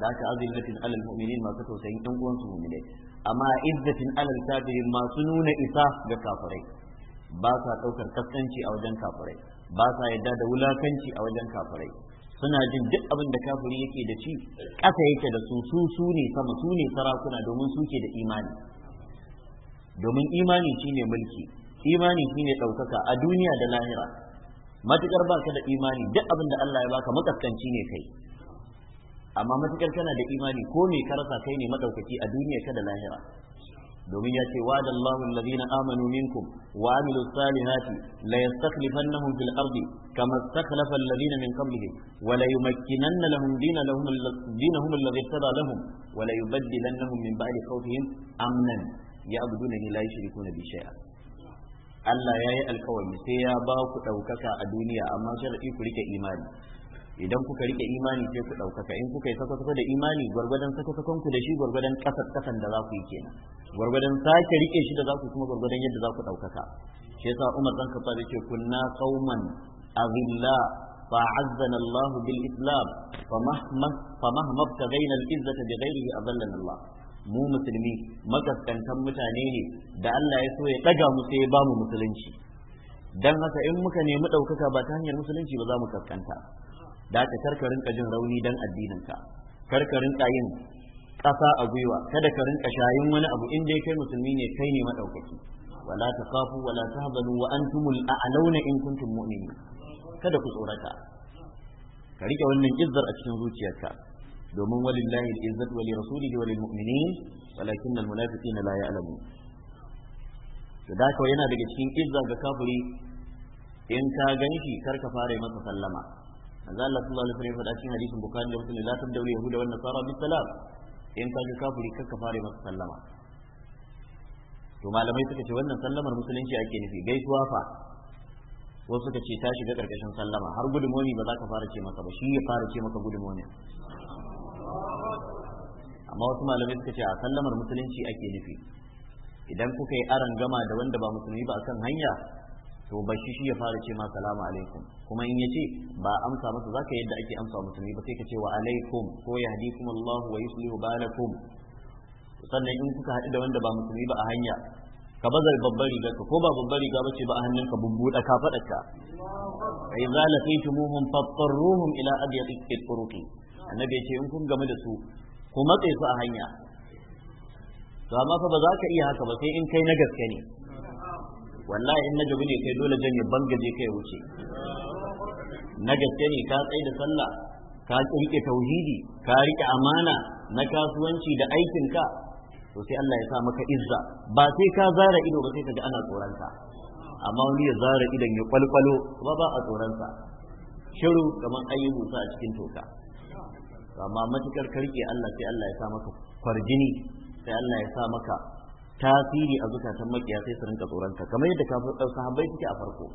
da aka azillatin alal mu'minin masu tausayin ɗan su mu'minai amma izzatin alal kafirin masu nuna isa ga kafirai ba sa ɗaukar kaskanci a wajen kafirai ba sa yadda da wulakanci a wajen kafirai suna jin duk abin da kafiri yake da ci ƙasa yake da su su su ne sama su ne sarakuna domin su ke da imani domin imani shine mulki imani shine ɗaukaka a duniya da lahira matukar ka da imani duk abin da Allah ya baka makaskanci ne kai amma matukar kana da imani ko me ka rasa kai ne madaukaki a duniya ka da lahira domin ya ce wa dallahu ladina amanu minkum wa amilu salihati la yastakhlifannahum fil ardi kama istakhlafa alladhina min qablihim wa la yumakkinanna lahum dinahum dinahum alladhi tada lahum wa la yubaddilannahum min ba'di khawfihim amnan ya'budunani la yushrikuna bi shay'a Allah ya yi alkawari sai ya ba ku ɗaukaka a duniya amma sharaɗi ku rike imani idan kuka rike imani sai ku ɗaukaka in kuka yi sako da imani gwargwadon sako ku da shi gwargwadon ƙasar ƙasan da za ku yi kenan gwargwadon sake rike shi da za ku kuma gwargwadon yadda za ku ɗaukaka shi yasa Umar dan Khattab yace kunna qauman azilla فأعزنا الله بالإسلام فمهما فمهما ابتغينا العزة بغيره أذلنا Allah. mu musulmi makaskantan mutane ne da Allah ya so ya ɗaga mu sai ya ba mu musulunci Dan haka in muka nemi ɗaukaka ba ta hanyar musulunci ba za mu kaskanta da ka karka rinka jin rauni dan addinin ka karka rinka yin ƙasa a gwiwa kada ka rinka shayin wani abu in dai kai musulmi ne kai ne madaukaki wala takafu wala tahzanu wa antumul a'launa in kuntum mu'minin kada ku tsorata ka rike wannan izzar a cikin zuciyarka domin walillahi al-izzat wa li rasulihi wa lil mu'minin walakin al munafiqina la ya'lamun to da yana daga cikin izza ga kafiri in ka ganshi kar ka fara masa sallama manzo Allah sallallahu alaihi wasallam ya faɗa cikin hadisin bukhari da muslim la tabda'u yahuda wan nasara bis salam in ka ga kafiri kanka fare masa sallama to malamai suka ce wannan sallamar musulunci ake nufi gaisuwa fa wasu suka ce ta shiga karkashin sallama har gudumoni ba za ka fara ce maka ba shi ya fara ce maka gudumonin amma wasu malamai suka ce a sallamar musulunci ake nufi idan kuka yi aron gama da wanda ba musulmi ba a kan hanya to bashi shi ya fara ce ma salamu alaikum kuma in yace ba amsa masa zaka yadda ake amsa musulmi ba sai ka ce wa alaikum ko yahdikum Allah wa yuslihu balakum sannan in kuka haɗu da wanda ba musulmi ba a hanya ka bazar babbar rigar ka ko ba babbar riga ba ce ba a hannun ka bubbuɗa ka faɗa ka? faɗarka fa idza laqitumuhum fattaruhum ila adyaqi turuqi annabi ce in kun gamu da su ku matse su a hanya to amma fa ba za ka iya haka ba sai in kai na gaske ne wallahi in na gabi ne kai dole jan ya bangaje kai wuce na gaske ne ka tsaye da sallah ka rike tauhidi ka rike amana na kasuwanci da aikin ka to sai Allah ya sa maka izza ba sai ka zara ido ba sai ka ga ana tsoronka amma wani ya zara idan ya kwalkwalo ba ba a tsoronsa shiru kamar ayi musa a cikin toka amma matukar karke Allah sai Allah ya sa maka kwarjini sai Allah ya sa maka tasiri a zukatan makiya sai su rinka tsoron ka kamar yadda sahabbai suke a farko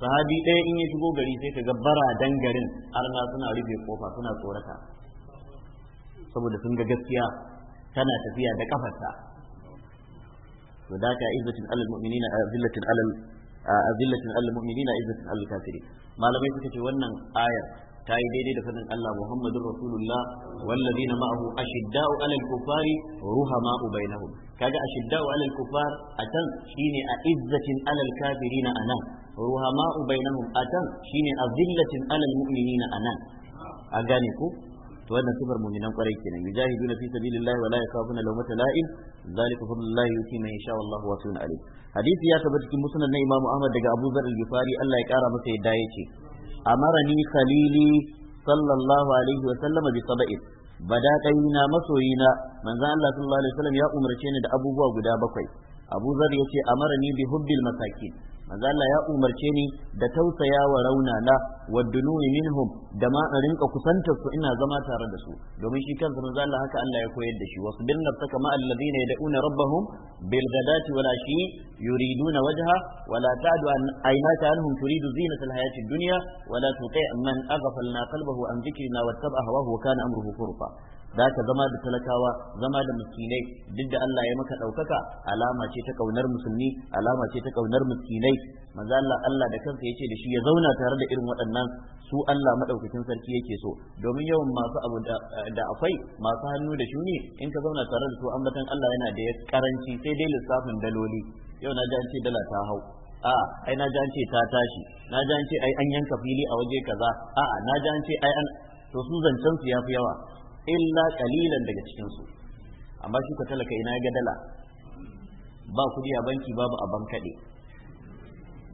sahabi ɗaya in ya shigo gari sai ka ga dan garin arna suna rufe kofa suna tsorata saboda sun ga gaskiya tana tafiya da kafarta to da ka izzatin alal mu'minina azillatin alal azillatin alal mu'minina izzatin alal malamai suka ce wannan ayar ta yi daidai da fadin Allah Muhammadur Rasulullah wallazina ma'ahu ashidda'u 'alal kufari ruhama'u bainahum kaga ashidda'u 'alal kufar a atan shine a izzatin 'alal kafirin anan ruhama'u bainahum atan shine a zillatin 'alal mu'minin anan a gane ku to wannan sifar mu'minan kwarai kenan yujahiduna fi sabilillahi wa la yakhafuna lawmata la'in zalika fadlullahi yuti man yasha wallahu wasi'un alim hadisi ya tabbata cikin musnad na Imam Ahmad daga Abu Dharr al-Ghifari Allah ya kara masa yadda yake amarani khalili sallallahu alaihi wa sallam bi sab'in bada kaina masoyina manzon Allah sallallahu alaihi wasallam ya umarce ni da abubuwa guda bakwai Abu Zar yace amarani bi hubbil masakin manzo Allah ya umarce ni da tausaya wa na wa dununi minhum da ma in rinka kusantar su ina zama tare da su domin shi kansa manzo Allah haka Allah ya koyar da shi wasbir nafsaka ma alladhina yad'una rabbahum bil ghadati wal ashi yuriduna wajha wa la ta'du an aynaka anhum turidu zinata al hayati dunya wa la tuti' man aghfalna qalbahu an dhikrina wattaba hawahu wa kana amruhu furfa za ka zama da talakawa zama da miskinai duk da Allah ya maka ɗaukaka alama ce ta ƙaunar musulmi alama ce ta ƙaunar miskinai manzo Allah Allah da kansa yace da shi ya zauna tare da irin waɗannan su Allah madaukakin sarki yake so domin yawan masu abu da akwai masu hannu da shuni in ka zauna tare da su ambatan Allah yana da karanci sai dai lissafin daloli yau na ji an ce dala ta hau a ai na ji an ce ta tashi na ji an ce ai an yanka fili a waje kaza a na ji an ce ai an to su zancen su yafi yawa illa kalilan daga cikin su amma shi ka talaka ina ga dala ba kudi a banki babu a bankaɗe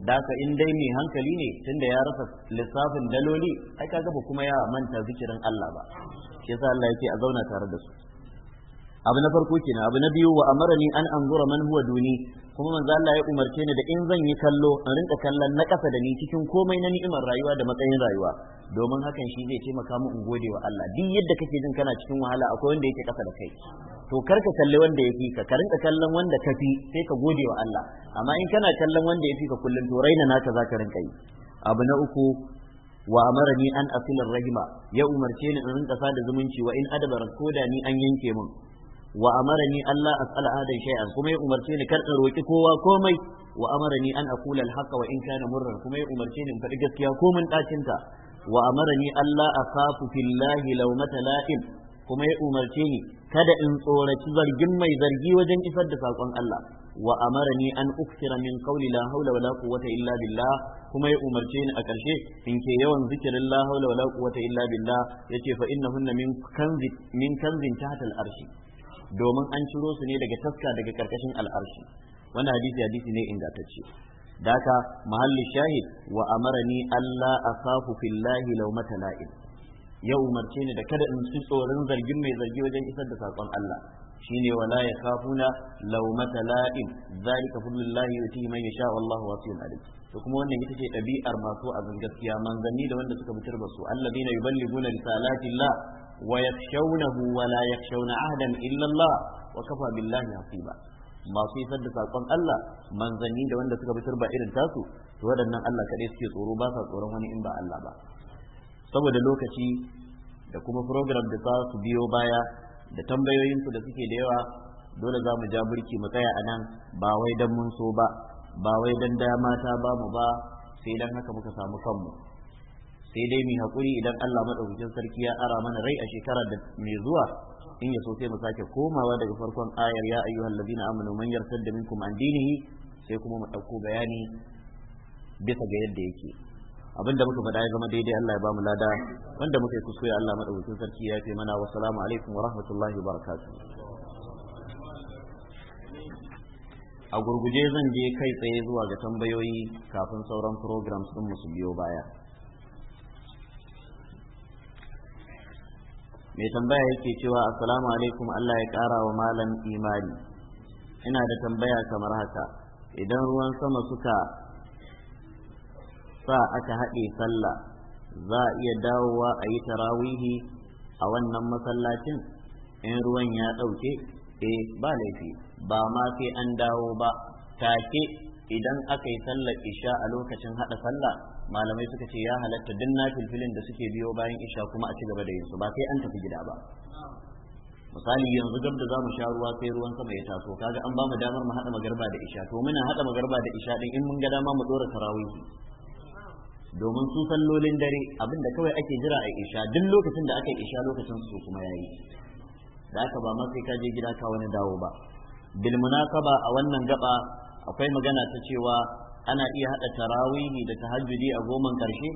daka in dai mai hankali ne tunda ya rasa lissafin daloli ai ka gaba kuma ya manta zikirin Allah ba shi yasa Allah yake a zauna tare da su abu na farko kenan abu na biyu wa amara amarani an anzura man huwa duni kuma manzo Allah ya umarce ni da in zan yi kallo in rinka kallon na ƙasa da ni cikin komai na ni'imar rayuwa da matsayin rayuwa domin hakan shi zai taimaka mu in gode wa Allah duk yadda kake jin kana cikin wahala akwai wanda yake ƙasa da kai to kar ka kalli wanda ya ka ka kallon wanda ka fi sai ka gode wa Allah amma in kana kallon wanda ya fi ka kullum to raina naka za ka rinka yi abu na uku wa ni an asilar rahima ya umarce ni in rinka sada zumunci wa in adabar koda ni an yanke mun wa amarani Allah as'ala ahadan shay'an kuma ya umarce ni kar in roki kowa komai wa amarani an aqula al-haqq wa in kana murran kuma ya umarce ni in faɗi gaskiya ko mun dacin ta wa amarani Allah akhafu fillahi lawmata la'im kuma ya umarce ni kada in tsoraci zargin mai zargi wajen isar da sakon Allah wa amarani an uksira min qawli la hawla wala quwwata illa billah kuma ya umarce ni a karshe in ke yawan zikirin la hawla wala quwwata illa billah yace fa innahunna min kanzin min kanzin tahta al-arshi domin an ciro su ne daga taska daga karkashin al'arshi wannan hadisi hadisi ne ingantacce daka mahalli shahid wa amarani Allah akhafu fillahi law matala'in ya umarce ni da kada in ci tsoron zargin mai zargi wajen isar da sakon Allah shine wala yakhafuna law matala'in zalika fadlullahi yutihi man yasha wallahu wasiyun alim to kuma wannan ita ce ɗabi'ar masu azin gaskiya manzanni da wanda suka fitar ba su alladina yuballiguna risalatillah ويخشونه ولا يخشون عهدا إلا الله وكفى بالله حسيبا masu isar da saƙon Allah manzanni da wanda suka fitar ba irin tasu to waɗannan Allah kaɗai suke tsoro ba sa tsoron wani in ba Allah ba saboda lokaci da kuma program da za su biyo baya da tambayoyinsu da suke da yawa dole za mu ja burki mu tsaya a nan ba wai don mun so ba ba wai don dama ta ba mu ba sai dan haka muka samu kanmu sai dai mu hakuri idan Allah madaukakin sarki ya ara mana rai a shekara da mai zuwa in ya so sai mu sake komawa daga farkon ayar ya ayyuhal ladina amanu man yartadda minkum an dinihi sai kuma mu dauko bayani bisa ga yadda yake abinda muka faɗa ya zama daidai Allah ya bamu lada wanda muka yi kuskure Allah madaukakin sarki ya fi mana wa salamu alaikum wa rahmatullahi wa barakatuh a gurguje zan je kai tsaye zuwa ga tambayoyi kafin sauran programs din mu su biyo baya mai tambaya yake cewa assalamu alaikum Allah ya ƙara wa malam imani ina da tambaya kamar haka idan ruwan sama suka sa aka haɗe sallah za a iya dawowa a yi tarawihi a wannan masallacin in ruwan ya ɗauke eh ba laifi ba ma sai an dawo ba take idan aka yi sallar isha a lokacin haɗa sallah malamai suka ce ya halatta duk filfilin da suke biyo bayan isha kuma a ci gaba da yin su ba sai an tafi gida ba misali yanzu gab da zamu sha ruwa sai ruwan sama ya taso kaga an bamu damar mu hada magarba da isha to muna hada magarba da isha din in mun ga dama mu dora tarawihi domin su sallolin dare abinda kawai ake jira a isha duk lokacin da aka yi isha lokacin su kuma yayi da aka ba ma sai ka je gida ka wani dawo ba bil munasaba a wannan gaba akwai magana ta cewa ana iya haɗa tarawihi da tahajjudi a goman ƙarshe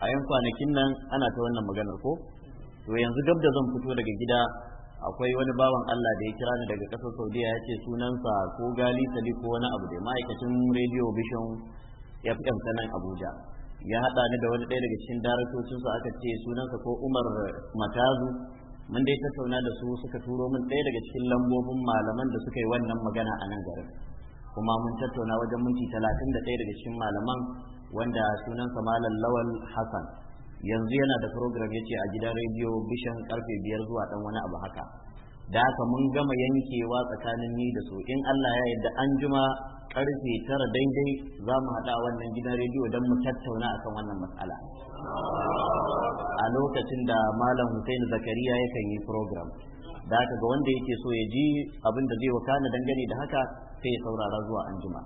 a yan kwanakin nan ana ta wannan maganar ko to yanzu gab da zan fito daga gida akwai wani bawan Allah da ya kira ni daga ƙasar Saudiya ya ce sunansa ko Gali Sali ko wani abu da ma'aikacin Radio Vision FM ta nan Abuja ya haɗa ni da wani ɗaya daga cikin su aka ce sunansa ko Umar Matazu mun dai tattauna da su suka turo min ɗaya daga cikin lambobin malaman da suka yi wannan magana a nan garin kuma mun tattauna wajen minti talatin da ɗaya daga cikin malaman wanda sunansa malam lawal hassan yanzu yana da program ce a gidan rediyo bishan karfe biyar zuwa dan wani abu haka da haka mun gama yankewa tsakanin ni da su in Allah ya yarda an juma karfe tara daidai za mu haɗa wannan gidan rediyo don mu tattauna a kan wannan matsala a lokacin da malam Hussein Zakariya yakan yi program da haka ga wanda yake so ya ji abin da zai wakana dangane da haka sai ya saurara zuwa anjima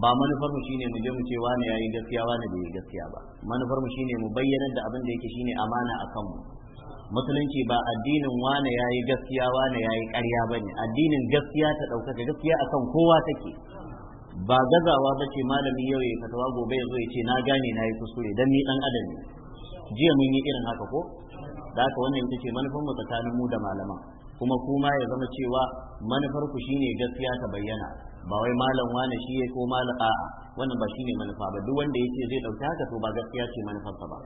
ba manufar mu shine mu je mu ce wani yayi gaskiya wani bai gaskiya ba manufar mu shine mu bayyana da abin da yake shine amana a kanmu musulunci ba addinin wani yayi gaskiya wani yayi ƙarya bane addinin gaskiya ta ɗaukaka gaskiya akan kowa take ba gazawa ba ce malami yau ya fatawa gobe ya zo ya ce na gane na yi kuskure dan ni dan adam ne jiya mun yi irin haka ko da haka wannan ita ce manufar mu tsakanin mu da malaman kuma kuma ya zama cewa manufar ku shine gaskiya ta bayyana ba wai malam wane shi ya ko malam a'a wannan ba shine manufa ba duk wanda yace zai dauka haka to ba gaskiya ce manufarsa ba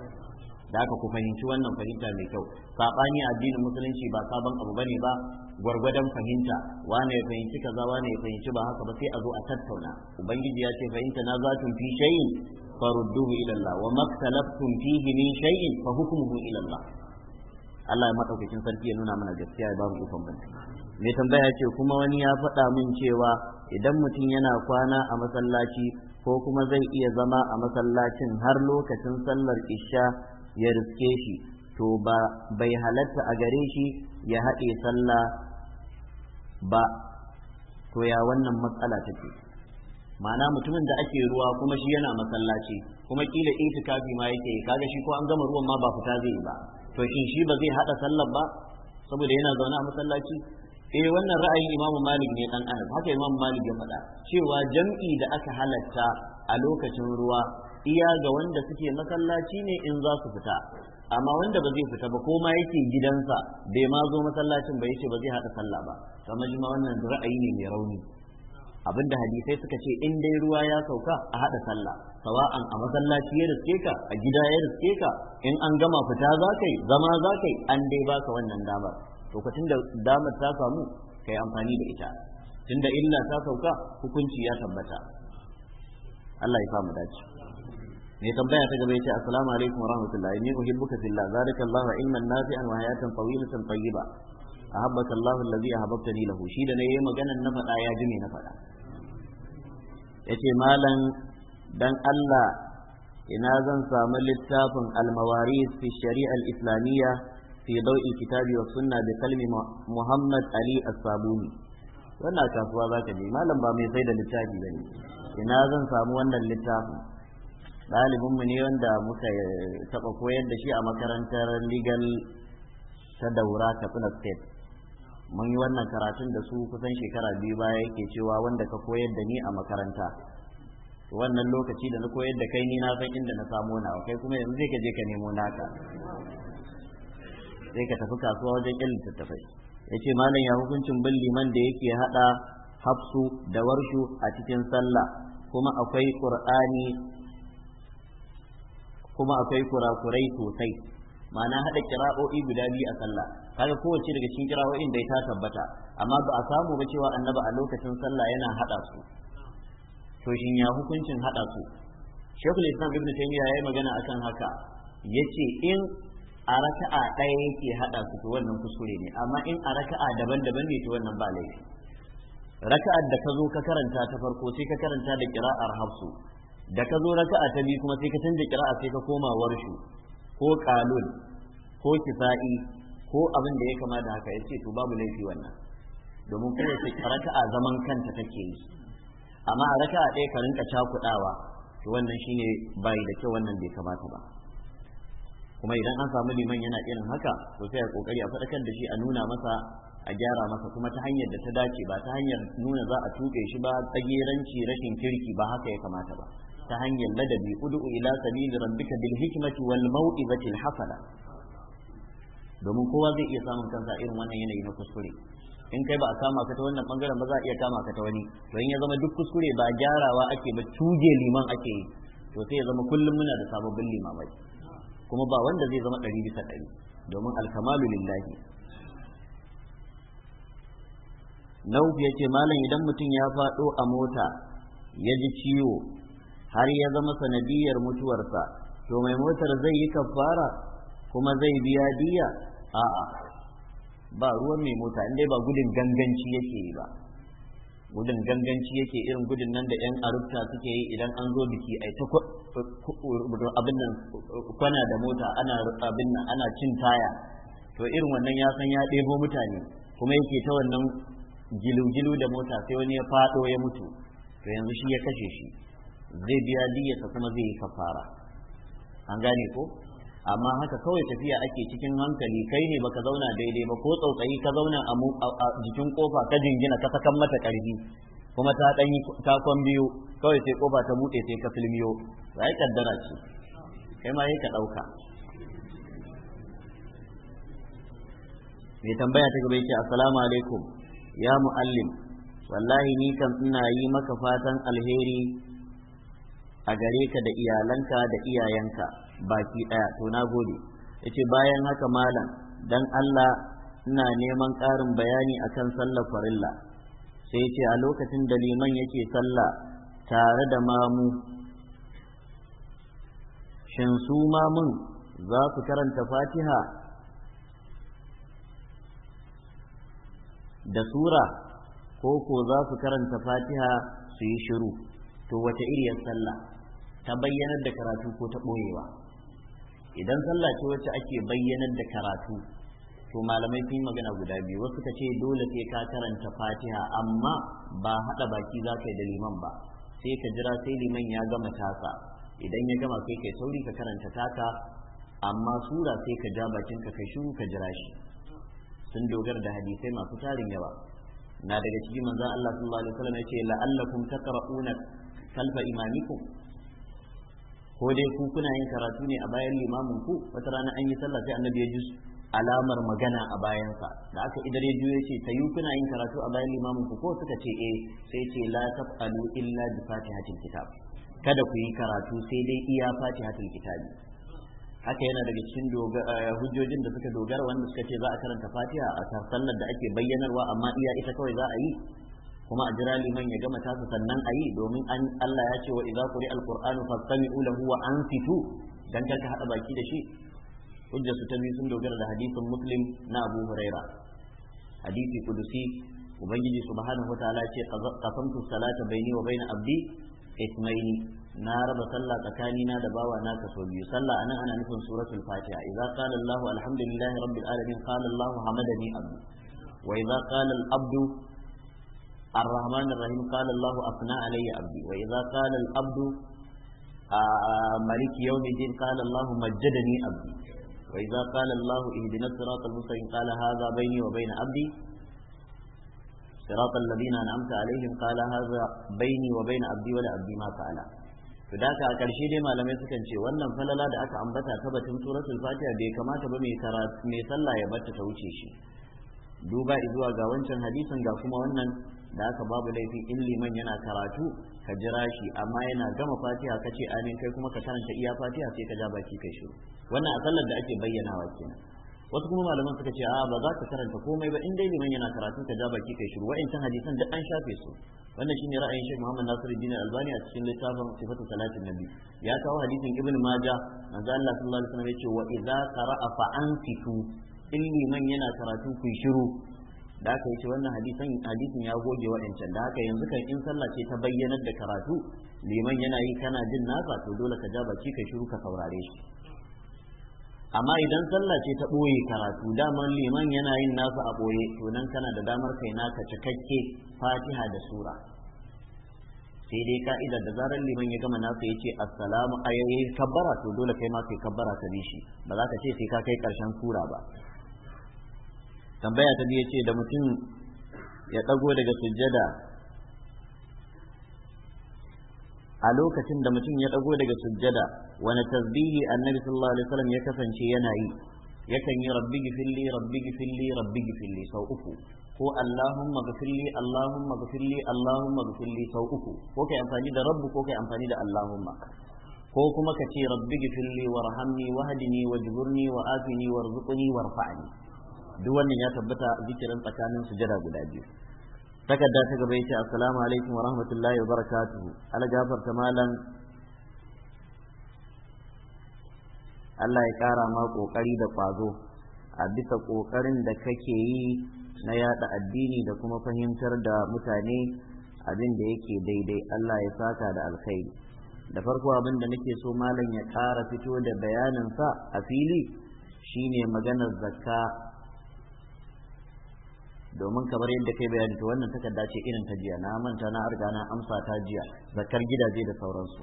da haka ku fahimci wannan fahimta mai kyau sabani addinin musulunci ba sabon abu bane ba gwargwadon fahimta wane ya fahimci kaza wane ya fahimci ba haka ba sai a zo a tattauna ubangiji ya ce fahimta na tun fi shay'in farudduhu ila Allah wa maktalaftum fihi min shay'in fa hukmuhu ila Allah Allah ya sarki ya nuna mana gaskiya ya ba mu ikon bane me tambaya ce kuma wani ya faɗa min cewa idan mutum yana kwana a masallaci ko kuma zai iya zama a masallacin har lokacin sallar isha ya riske shi to ba bai halatta a gare shi ya haɗe sallah ba to ya wannan matsala take ma'ana mutumin da ake ruwa kuma shi yana masallaci kuma kila itikafi ma yake kaga shi ko an gama ruwan ma ba fita zai yi ba to shi ba zai hada sallar ba saboda yana zaune a masallaci eh wannan ra'ayin imamu malik ne dan anas haka imamu malik ya faɗa cewa jam'i da aka halatta a lokacin ruwa iya ga wanda suke masallaci ne in za su fita amma wanda ba zai fita ba ko ma yake gidansa bai ma zo masallacin ba yace ba zai hada sallah ba kamar ma wannan ra'ayi ne mai rauni abinda hadisai suka ce in dai ruwa ya sauka a hada sallah sawa'an a masallaci ya riske ka a gida ya riske ka in an gama fita za ka yi zama za ka yi an dai baka wannan damar lokacin da damar ta samu ka yi amfani da ita tunda illa ta sauka hukunci ya tabbata Allah ya samu dace mai tambaya ta gaba yace assalamu alaikum wa rahmatullahi ni uhibbuka fillah zalika Allahu ilman nafi'an wa hayatan tawilatan tayyiba ahabbaka Allahu alladhi ahabbtani lahu shi da nayi maganan na faɗa ya ji me na faɗa ya ce malam dan Allah ina zan samu littafin almawari fi shari'ar islamiyya fi dau'i kitabi wa sunna da kalmi muhammad ali as-sabuni wannan kasuwa za ka je malam ba mai sai littafi ba ina zan samu wannan littafin ɗalibinmu ne wanda muka eh, taɓa koyar da shi a makarantar legal ta daura kuna state mun yi wannan karatun da su kusan shekara biyu baya yake cewa wanda ka koyar da ni a makaranta wannan lokaci da na koyar da kai ni na san inda na samo nawa kai kuma yanzu zai ka je ka nemo naka sai ka tafi kasuwa wajen ilin tattafai ya ce malam ya hukuncin bin liman da yake hada hafsu da warshu a cikin sallah kuma akwai qur'ani kuma akwai kurakurai sosai ma'ana haɗa kira'o'i guda biyu a sallah kaga kowace daga cikin kirawoyin dai ta tabbata amma ba a samu ba cewa annabi a lokacin sallah yana hada su to shin ya hukuncin hada su shekul islam ibnu taymiya yayi magana akan haka yace in a raka'a ɗaya yake hada su to wannan kuskure ne amma in a raka'a daban-daban ne to wannan ba laifi raka'ar da ka zo ka karanta ta farko sai ka karanta da kira'ar hafsu da ka zo raka'a ta biyu kuma sai ka canza kira'a sai ka koma warshu ko kalul ko kisa'i ko abin da ya kama da haka ya ce to babu laifi wannan domin kowace raka'a zaman kanta take yi amma a raka'a ɗaya ka rinka cakuɗawa to wannan shine bai da kyau wannan bai kamata ba kuma idan an samu liman yana irin haka to sai a kokari a faɗakar da shi a nuna masa a gyara masa kuma ta hanyar da ta dace ba ta hanyar nuna za a tuke shi ba tsageranci rashin kirki ba haka ya kamata ba ta hanyar ladabi udu ila sabili rabbika bil hikmati wal mau'izati al hasana domin kowa zai iya samun kansa irin wannan yanayi na kuskure in kai ba a kama ka ta wannan bangaren ba za a iya kama ka ta wani to in ya zama duk kuskure ba gyarawa ake ba cuje liman ake yi to sai ya zama kullum muna da sababbin limamai kuma ba wanda zai zama ɗari bisa ɗari domin alkamalu lillahi Nauf ya ce malam idan mutum ya faɗo a mota ya ji ciwo har ya zama sanadiyar mutuwarsa to mai motar zai yi kafara kuma zai biya diya a'a ba ruwan mai mota inda ba gudun ganganci yake yi ba gudun ganganci yake irin gudun nan da yan arubta suke yi idan an zo biki a ita abin nan kwana da mota ana abin ana cin taya to irin wannan ya san ya ɗebo mutane kuma yake ta wannan gilu-gilu da mota sai wani ya faɗo ya mutu to yanzu shi ya kashe shi zai biya diyyarsa kuma zai yi kafara an gane ko amma haka kawai tafiya ake cikin hankali kai ne baka zauna daidai ba ko tsautsayi ka zauna a jikin kofa ka jingina ka sakan mata karfi kuma ta dan yi takon biyu kawai sai kofa ta bude sai ka filmiyo zai kaddara ce kai ma yi ka dauka mai tambaya ta gaba yake assalamu alaikum ya muallim wallahi ni kan ina yi maka fatan alheri a gare ka da iyalanka da iyayenka baki ɗaya to na gode ya ce bayan haka malam dan Allah ina neman ƙarin bayani akan sallar farilla sai ya ce a lokacin da liman yake sallah tare da mamu shin su mamun za su karanta fatiha da sura ko ko za su karanta fatiha su yi shiru to wata iriyar sallah ta bayyanar da karatu ko ta ɓoyewa idan sallah ce wacce ake bayyanar da karatu to malamai sun magana guda biyu wasu ka ce dole sai ka karanta fatiha amma ba haɗa baki za ka yi da liman ba sai ka jira sai liman ya gama tasa idan ya gama sai kai sauri ka karanta taka amma sura sai ka ja bakin ka kai shiru ka jira shi sun dogara da hadisai masu tarin yawa na daga cikin manzon Allah sallallahu alaihi wasallam yace la'allakum taqra'una kalfa imamikum ko dai ku kuna yin karatu ne a bayan limamin ku wata rana an yi sallah sai annabi ya ji alamar magana a bayansa da aka idan ya juyo ce tayu kuna yin karatu a bayan limamin ku ko suka ce eh sai ce la taf'alu illa bi fatihatil kitab kada ku yi karatu sai dai iya fatihatil kitabi haka yana daga cikin eh, hujjojin da suka dogara wanda suka ce za a karanta fatiha a sallar da ake bayyanarwa amma iya ita kawai za a yi kuma a jira liman ya gama tasa sannan a yi domin Allah ya ce wa idza quri alqur'anu fastami'u lahu wa ansitu dan kar hada baki da shi hujja su ta biyu sun dogara da hadisin muslim na Abu Huraira hadisi kudusi ubangiji subhanahu wataala ya ce qasamtu salata baini wa baina abdi ismaini na raba sallah tsakanina da bawa na kaso biyu sallah anan ana nufin suratul fatiha idza qala allah alhamdulillahi rabbil alamin qala allah hamadani abdu wa idza qala al abdu الرحمن الرحيم قال الله أثنى علي عبدي وإذا قال العبد ملك يوم الدين قال الله مجدني عبدي وإذا قال الله اهدنا الصراط المستقيم قال هذا بيني وبين عبدي صراط الذين أنعمت عليهم قال هذا بيني وبين عبدي ولا عبدي ما فعل to da ka a ƙarshe dai malamai sukan ce wannan falala da aka ambata ta batun suratul fatiha bai kamata ba mai sallah ya batta ta wuce shi duba zuwa ga wancan hadisin ga kuma wannan da haka babu laifi in liman yana karatu ka jira shi amma yana gama fatiha ka ce amin kai kuma ka karanta iya fatiha sai ka ja baki kai shiru wannan a sallar da ake wa kenan wasu kuma malaman suka ce a ba za ka karanta komai ba in dai liman yana karatu ka ja baki kai shiru wa'ancan hadisan da an shafe su wannan shine ra'ayin Sheikh Muhammad Nasiruddin Albani a cikin littafin Sifatu Salatin Nabi ya kawo hadisin Ibn maja manzo Allah sallallahu alaihi wasallam ya ce wa idza qara'a fa antitu in liman yana karatu ku shiru da aka yi ce wannan hadisan hadisin ya goge waɗancan da haka yanzu kan in sallah ce ta bayyanar da karatu liman yana yi kana jin nasa to dole ka jaba ki ka shiru ka saurare shi amma idan sallah ce ta ɓoye karatu daman liman yana yin nasa a ɓoye to nan kana da damar kai naka cikakke fatiha da sura sai dai ka'idar da zarar liman ya gama nasa ya ce assalamu ayayi kabbara to dole kai ma kai kabbara ka bi shi ba za ka ce sai ka kai karshen sura ba tambaya ta biyu ce da mutum ya ɗago daga sujjada a lokacin da mutum ya ɗago daga sujjada wani tasbihi annabi sallallahu alaihi wasallam ya kasance yana yi yakan yi rabbi gifilli rabbi gifilli rabbi gifilli sau uku ko allahumma gifilli allahumma gifilli allahumma gifilli sau uku ko kai amfani da rabbu ko kai amfani da allahumma ko kuma ka ce rabbi gifilli warhamni wahdini wajburni wa'afini afini warzuqni warfa'ni duk wannan ya tabbata zikirin tsakanin sujada guda biyu takarda ta gaba yace assalamu alaikum wa rahmatullahi wa barakatuhu ala ta malam Allah ya ƙara ma ƙoƙari da kwazo a bisa ƙoƙarin da kake yi na yada addini da kuma fahimtar da mutane abin da yake daidai Allah ya saka da alkhairi da farko abin da nake so malam ya ƙara fito da bayanin sa a fili shine maganar zakka domin kamar yadda kai bayani to wannan takarda ce irin ta jiya na manta na arga na amsa ta jiya zakar gidaje da sauransu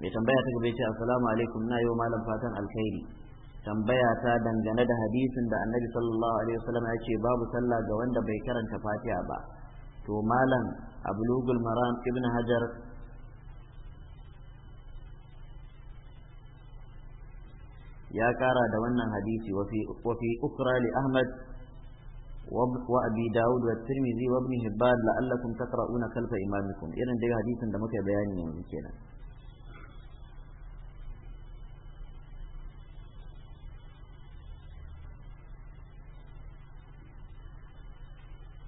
mai tambaya ta gaba ce assalamu alaikum na yau malam fatan alkhairi tambaya ta dangane da hadisin da annabi sallallahu alaihi wasallam ya ce babu sallah ga wanda bai karanta fatiha ba to malam a bulugul maram ibn hajar يا كارا دوانا هديتي وفي, وفي أخرى لأحمد وأبي داود والترمذي وابن هباد لعلكم تقرؤون خلف إمامكم إذن ده هديتي ده مكي بياني ممكن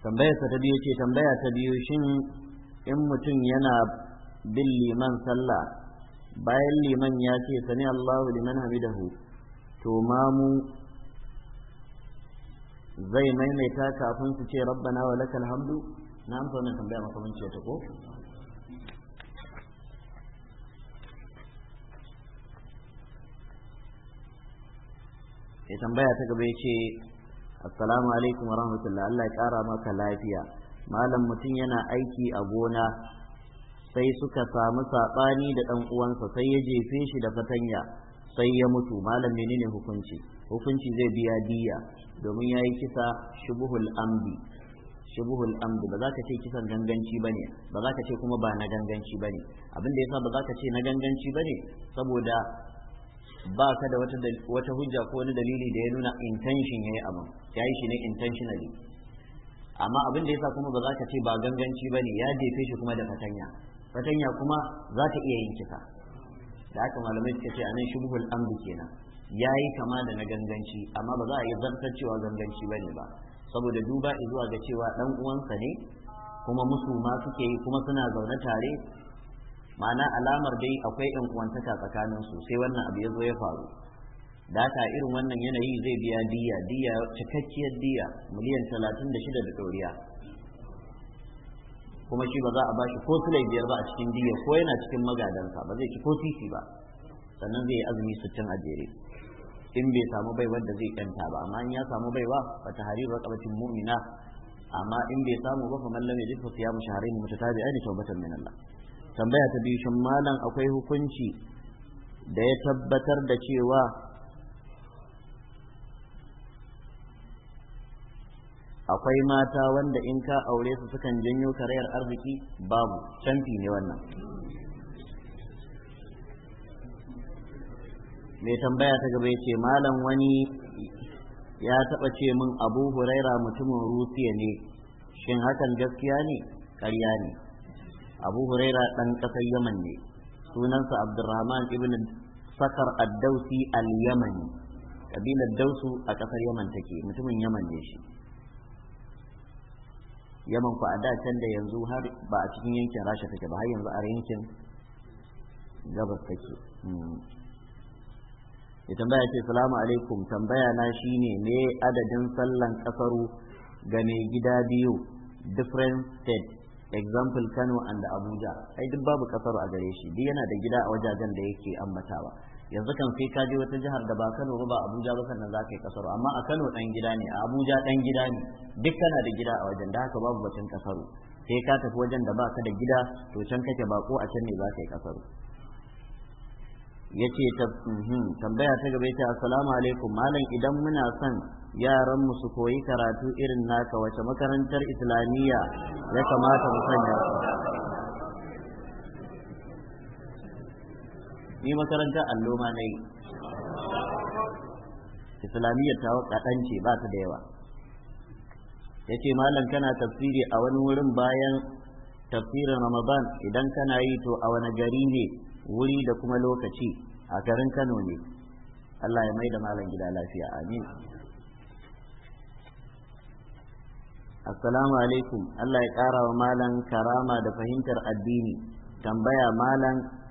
تنبيه تتبيه شيء تنبيه تبيه شيء إمتن يناب باللي من صلى باللي من ياتي سمع الله لمن حمده to mamu zai maimaita kafin su ce rabbana wa lakal hamdu na amsa wannan tambaya makamanci ta ko ya tambaya ta gaba ce assalamu alaikum wa rahmatullah Allah ya kara maka lafiya malam mutum yana aiki a gona sai suka samu saɓani da ɗan uwansa sai ya jefe shi da fatanya sai ya mutu malam menene hukunci hukunci zai biya diya domin yayi kisa shubuhul amdi shubuhul amdi ba za ka ce kisan ganganci bane ba za ka ce kuma ba na ganganci bane abin da yasa ba za ka ce na ganganci bane saboda ba ka da wata wata hujja ko wani dalili da ya nuna intention yayi abin yayi shi ne intentionally amma abin da yasa kuma ba za ka ce ba ganganci bane ya jefe shi kuma da fatanya fatanya kuma za ta iya yin kisa da haka malamai suka ce anan shubhul amri kenan yayi kama da na ganganci amma ba za a yi zartar cewa ganganci bane ba saboda duba zuwa ga cewa dan uwansa ne kuma musu ma suke yi kuma suna zaune tare ma'ana alamar dai akwai yan uwantaka tsakanin su sai wannan abu ya zo ya faru da irin wannan yanayi zai biya diya diya cikakkiyar diya miliyan talatin da shida da ɗoriya kuma shi ba za a ba shi ko sulai biyar ba a cikin diya ko yana cikin magadansa ba zai ci ko titi ba sannan zai yi azumi sittin a jere in bai samu baiwar da zai yanta ba amma in ya samu baiwa ba ta hari raqabatin mu'mina amma in bai samu ba fa ya lam yajid fa siyamu shahrayn aini tawbatan min Allah tambaya ta biyu shin malam akwai hukunci da ya tabbatar da cewa akwai mata wanda in ka aure su sukan janyo karayar arziki babu canfi ne wannan mai tambaya ta gaba ya ce malam wani ya taɓa ce min abu huraira mutumin rusiya ne shin hakan gaskiya ne ƙarya ne abu huraira ɗan ƙasar yaman ne sunansa abdurrahman ibn sakar addausi al-yamani kabilar dausu a ƙasar yaman take mutumin yaman ne shi yaman ku a da can da yanzu har ba a cikin yankin rasha take ba har yanzu a yankin gabas take ya hmm. tambaya ce salamu alaikum tambaya na shine ne adadin sallan kasaru ga mai gida biyu different state example kano and abuja ai duk babu kasaru a gare shi duk yana da gida a wajajen da yake ambatawa yanzu kan sai ka je wata jihar da ba Kano ba Abuja ba sannan za ka yi kasaro amma a Kano dan gida ne a Abuja dan gida ne duk kana da gida a wajen da haka babu batun kasaro sai ka tafi wajen da ba ka da gida to can kake bako a can ne za ka yi kasaro ya ce mhm. tambaya ta gaba ya ce assalamu alaikum malam idan muna son yaran mu su koyi karatu irin naka wace makarantar islamiyya ya kamata mu sanya ni makaranta allo ma na yi islamiyyar ta kaɗan ce ba ta da yawa ya ce malam kana tafsiri a wani wurin bayan tafsirin ramadan idan kana yi to a wani gari ne wuri da kuma lokaci a garin kano ne allah ya mai da malam gida lafiya amin assalamu alaikum allah ya ƙara wa malam karama da fahimtar addini tambaya malam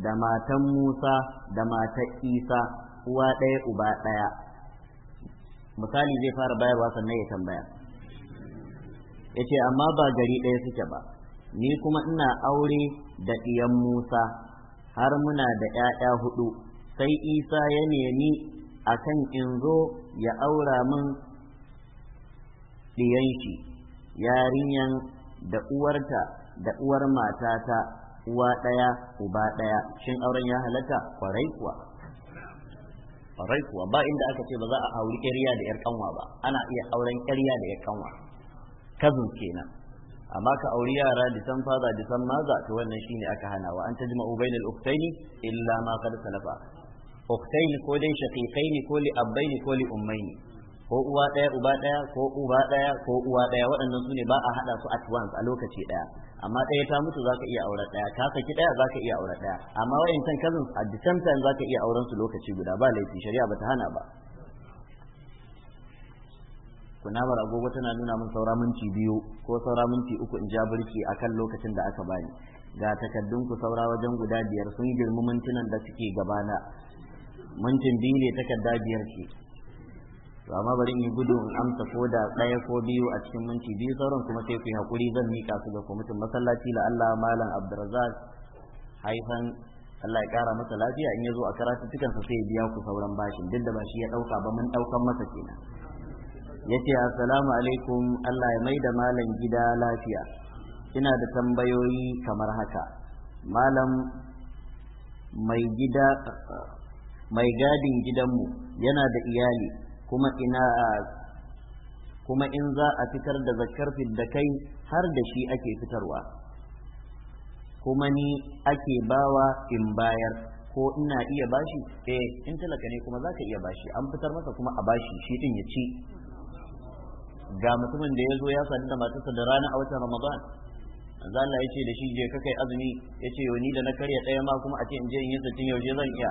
da matan Musa da matan Isa uwa ɗaya uba ɗaya misali zai fara bayarwa sannan ya tambaya ya ce amma ba gari ɗaya suke ba ni kuma ina aure da ɗiyan Musa har muna da ‘ya'ya hudu sai Isa ya nemi a kan in zo ya aura min ɗiyan shi yarinyan da uwarta da uwar matata uwa ɗaya uba ɗaya shin auren ya halatta kwarai kuwa kwarai kuwa ba inda aka ce ba za a auri ƙarya da ƴar kanwa ba ana iya auren ƙarya da ƴar kanwa kazin kenan amma ka auri yara da san faza da san maza to wannan shine aka hana wa an tajma'u bainal uktaini illa ma qad salafa uktaini ko dai shaqiqaini ko li abbaini ko li ummaini ko uwa ɗaya uba ɗaya ko uba ɗaya ko uwa ɗaya waɗannan su ne ba a haɗa su at once a lokaci ɗaya amma ɗaya ta mutu zaka iya auren ɗaya ta saki ɗaya zaka iya auren ɗaya amma wayancan cousins at the same time zaka iya auren su lokaci guda ba laifi shari'a bata hana ba kunamar agogo tana nuna min saura minti biyu ko saura minti uku in ja birki akan lokacin da aka bani ga takaddun ku saura wajen guda biyar sun girmi mintunan da suke gabana mintin biyu ne takarda biyar ce to amma bari in gudu in amsa ko da ɗaya ko biyu a cikin minti biyu sauran kuma sai ku yi hakuri zan mika su ga kwamitin masallaci la Allah malam Abdurrazzaq haifan Allah ya ƙara masa lafiya in ya zo a sa sai ya biya ku sauran bashin duk da ba shi ya ɗauka ba mun ɗaukan masa kenan yace ce assalamu alaikum Allah ya maida malam gida lafiya ina da tambayoyi kamar haka malam mai gida mai gadin gidanmu yana da iyali kuma ina kuma in za a fitar da zakkar da kai har da shi ake fitarwa kuma ni ake bawa in bayar ko ina iya bashi eh in talaka ne kuma za ka iya bashi an fitar masa kuma a bashi shi din ya ci ga mutumin da ya zo ya sadu da matarsa da rana a watan ramadan Zalla ya ce da shi je kai azumi ya ce ni da na karya ɗaya ma kuma a ce in je in yi sittin yaushe zan iya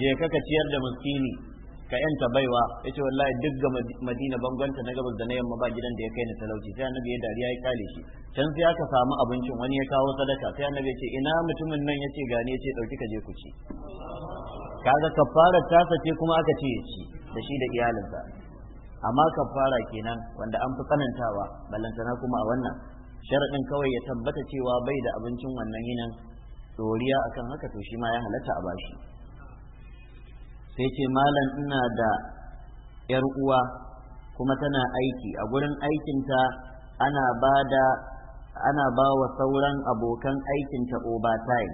je ka ciyar da miskini ka yanta baiwa ya ce wallahi duk ga madina bangonta na gabas da na yamma ba gidan da ya kai ni talauci sai annabi ya dariya ya kale shi can sai aka samu abincin wani ya kawo sadaka sai annabi ya ce ina mutumin nan ya ce gani ya ce dauki ka je ku ci kaga kafara ta sace kuma aka ce ya ci da shi da iyalinsa amma kafara kenan wanda an fi tsanantawa ballantana kuma a wannan sharaɗin kawai ya tabbata cewa bai da abincin wannan yinin doriya akan haka to shi ma ya halatta a bashi sai ce malam ina da yar uwa kuma tana aiki a gurin aikinta ana ba ana ba wa sauran abokan aikinta overtime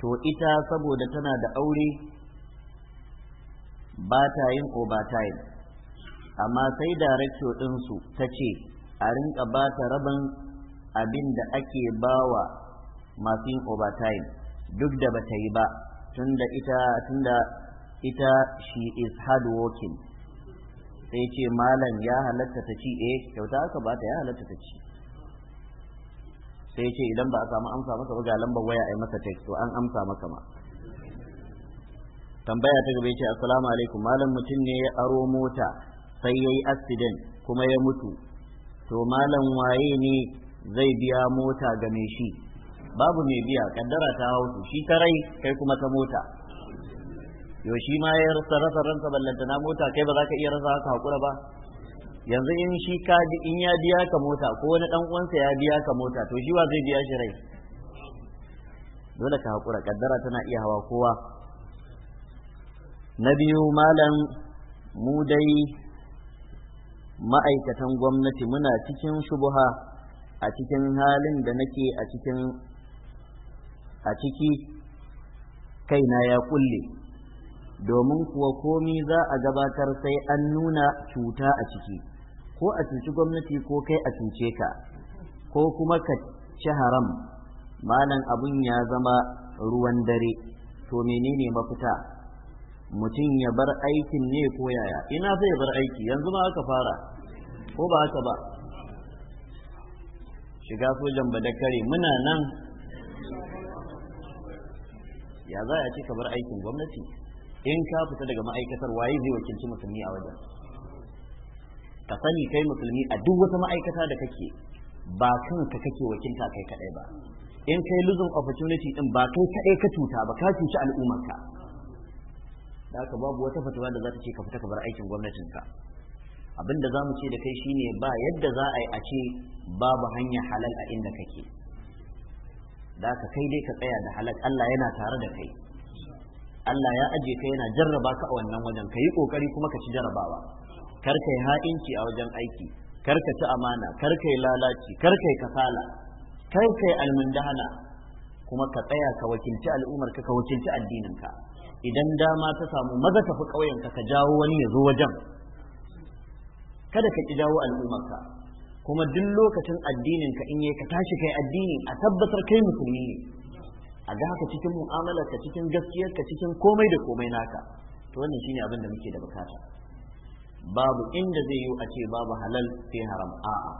to ita saboda tana da aure ba ta yin overtime amma sai darakto ɗinsu ta ce a rinka ba ta rabin abin da ake ba wa masu yin overtime duk da ba ta yi ba tunda ita tunda ita she is hard working sai ce malam ya halatta ta ci eh kyauta aka ba ta ya halatta ta ci sai ce idan ba a samu amsa maka ba ga lambar waya ai masa text to an amsa maka ma tambaya ta gaba ce assalamu alaikum malam mutum ne ya aro mota sai yayi accident kuma ya mutu to malam waye ne zai biya mota ga mai shi babu mai biya kaddara ta su shi ta rai kai kuma ta mota yau shi ma ya rasa rasa ransa ballanta na mota kai ba za ka iya rasa haka hakura ba yanzu in shi ka in ya biya ka mota ko wani dan uwansa ya biya ka mota to shi wa zai biya shi rai dole ka hakura kaddara tana iya hawa kowa na biyu malam mu dai ma'aikatan gwamnati muna cikin shubuha a cikin halin da nake a cikin a ciki kaina ya kulle domin kuwa komi za a gabatar sai an nuna cuta a ciki ko a cuci gwamnati ko kai a cuce ka ko kuma ka ci haram malam abun ya zama ruwan dare to menene mafita mutum ya bar aikin ne ko yaya ina zai bar aiki yanzu ma aka fara ko ba haka ba shiga sojan badakare muna nan ya za a ce ka aikin gwamnati in ka fita daga ma'aikatar waye zai wakilci musulmi a wajen ka sani kai musulmi a duk wata ma'aikata da kake ba kanka kake wakilta kai kadai ba in kai losing opportunity din ba kai kadai ka cuta ba ka cuci al'ummarka da haka babu wata fatawa da za ta ce ka fita ka bar aikin gwamnatin ka? Abinda za mu ce da kai shine ba yadda za a yi a ce babu hanya halal a inda kake da ka kai dai ka tsaya da halak Allah yana tare da kai Allah ya aje ka yana jarraba ka a wannan wajen ka yi kokari kuma ka ci jarrabawa kar yi ha'inci a wajen aiki kar ka ci amana kar yi lalaci kar yi kasala kar yi almundahana kuma ka tsaya ka wakilci al'ummar ka ka wakilci addinin ka idan dama ta samu maza tafi ƙauyen ka ka jawo wani ya zo wajen kada ka ki jawo al'ummar ka kuma duk lokacin addinin ka in yi ka tashi kai addini a tabbatar kai musulmi ne a ga haka cikin mu'amalar ka cikin gaskiyar ka cikin komai da komai naka to wannan shine abin da muke da bukata babu inda zai yi a ce babu halal sai haram a'a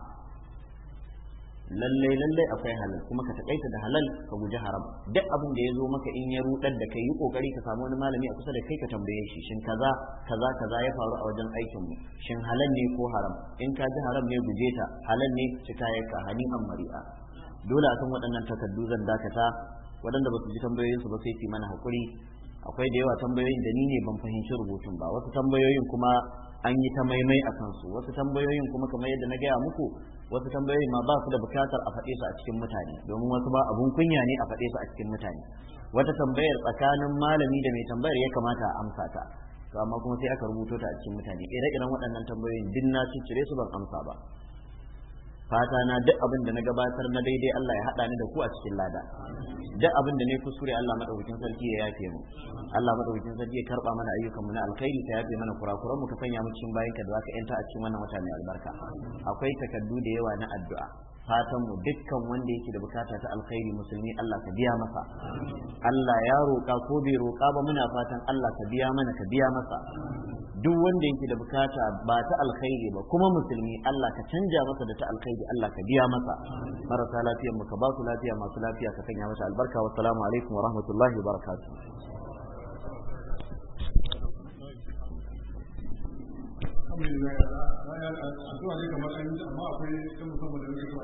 lallai lallai akwai halal kuma ka takaita da halal ka guji haram duk abin da ya zo maka in ya rudar da kai yi kokari ka samu wani malami a kusa da kai ka tambaye shi shin kaza kaza kaza ya faru a wajen aikin mu shin halal ne ko haram in ka ji haram ne guje ta halal ne cika ya ka an mari'a dole akan waɗannan takardu zan dakata waɗanda ba su ji tambayoyinsu ba sai su mana hakuri akwai da yawa tambayoyin da ni ne ban fahimci rubutun ba wasu tambayoyin kuma an yi ta maimai a kansu wasu tambayoyin kuma kamar yadda na gaya muku wasu tambayoyi ma ba su da bukatar a faɗe su a cikin mutane domin wasu ba abun kunya ne a faɗe su a cikin mutane wata tambayar tsakanin malami da mai tambayar ya kamata a amsa ta to amma kuma sai aka rubuto ta a cikin mutane ire-iren waɗannan tambayoyin duk na cire su ban amsa ba fata na duk abin da na gabatar na daidai Allah ya haɗa ni da ku a cikin lada duk abin da ne kuskure Allah madaukakin sarki ya yafe mu Allah madaukakin sarki ya karba mana ayyukan mu na alkhairi ta yafe mana kurakuran mu ka sanya mu cikin bayanka da zaka yanta a cikin wannan wata mai albarka akwai takaddu da yawa na addu'a fatan mu dukkan wanda yake da bukata ta alkhairi musulmi Allah ka biya masa Allah ya roƙa ko bai roƙa ba muna fatan Allah ka biya mana ka biya masa duk wanda yake da bukata ba ta alkhairi ba kuma musulmi Allah ka canja masa da ta alkhairi Allah ka biya masa marasa lafiyar mu ka ba su lafiya masu lafiya ka sanya masa albarka wassalamu alaikum wa rahmatullahi wa barakatuh alhamdulillah wani addu'a ne kamar an amma akwai kan musamman da muke a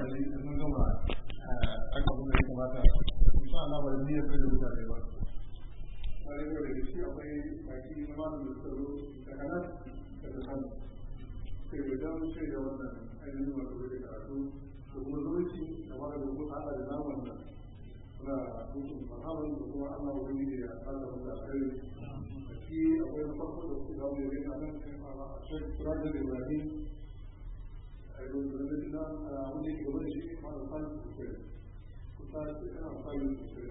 mun gama insha Allah ya kai da mutane ba da shi akwai baki da sai da dan da wannan da da kuma zuci da da da na kuma Allah wani ya Allah في أول فصل واستدعوا يبين أن الشيخ سراج الإبراهيم أيضاً بلدنا عملي جوان شيء مع الخالق الكريم كنت أنا أخير في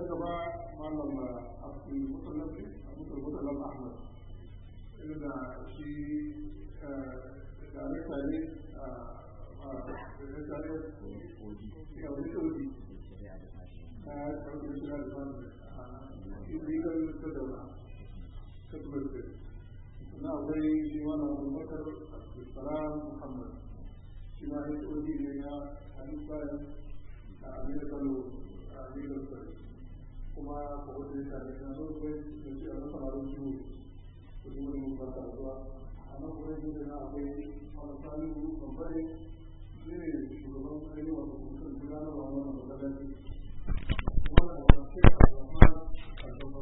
هذا مع لما أخي المطلب المطلب أحمد إننا شيء تعرف عليه تعرف عليه تعرف عليه illegal federal security na akwai shi wani abubakar salam muhammad shi ma ya tsoki ne na hannun a american a legal service kuma kowace ne na sosai da shi a masa harin jiwo da kuma da mun fata zuwa a nan kuma yi da na akwai wani sami guru kamfani ne shugaban ainihin wasu kuma kan gudanarwa wani magana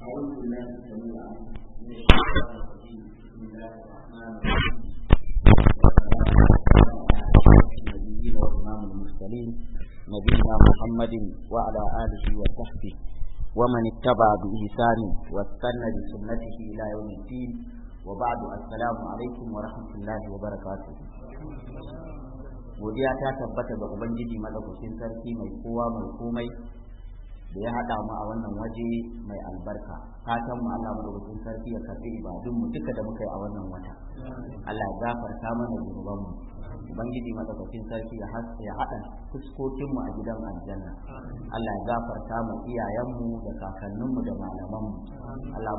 نبينا محمد وعلى آله وصحبه ومن اتبع بإحسان واستنى بسنته إلى يوم الدين وبعد السلام عليكم ورحمة الله وبركاته godiya ta tabbata ga ملك madaukakin sarki mai kowa da ya haɗa mu a wannan waje mai albarka fatan mu Allah madaukakin sarki ya karbi ibadun mu duka da muka yi a wannan wata Allah ya gafarta mana zunuban mu ubangiji madaukakin sarki ya ya haɗa fuskokin mu a gidan aljanna Allah ya gafarta mu iyayen da kakannin mu da malaman mu Allah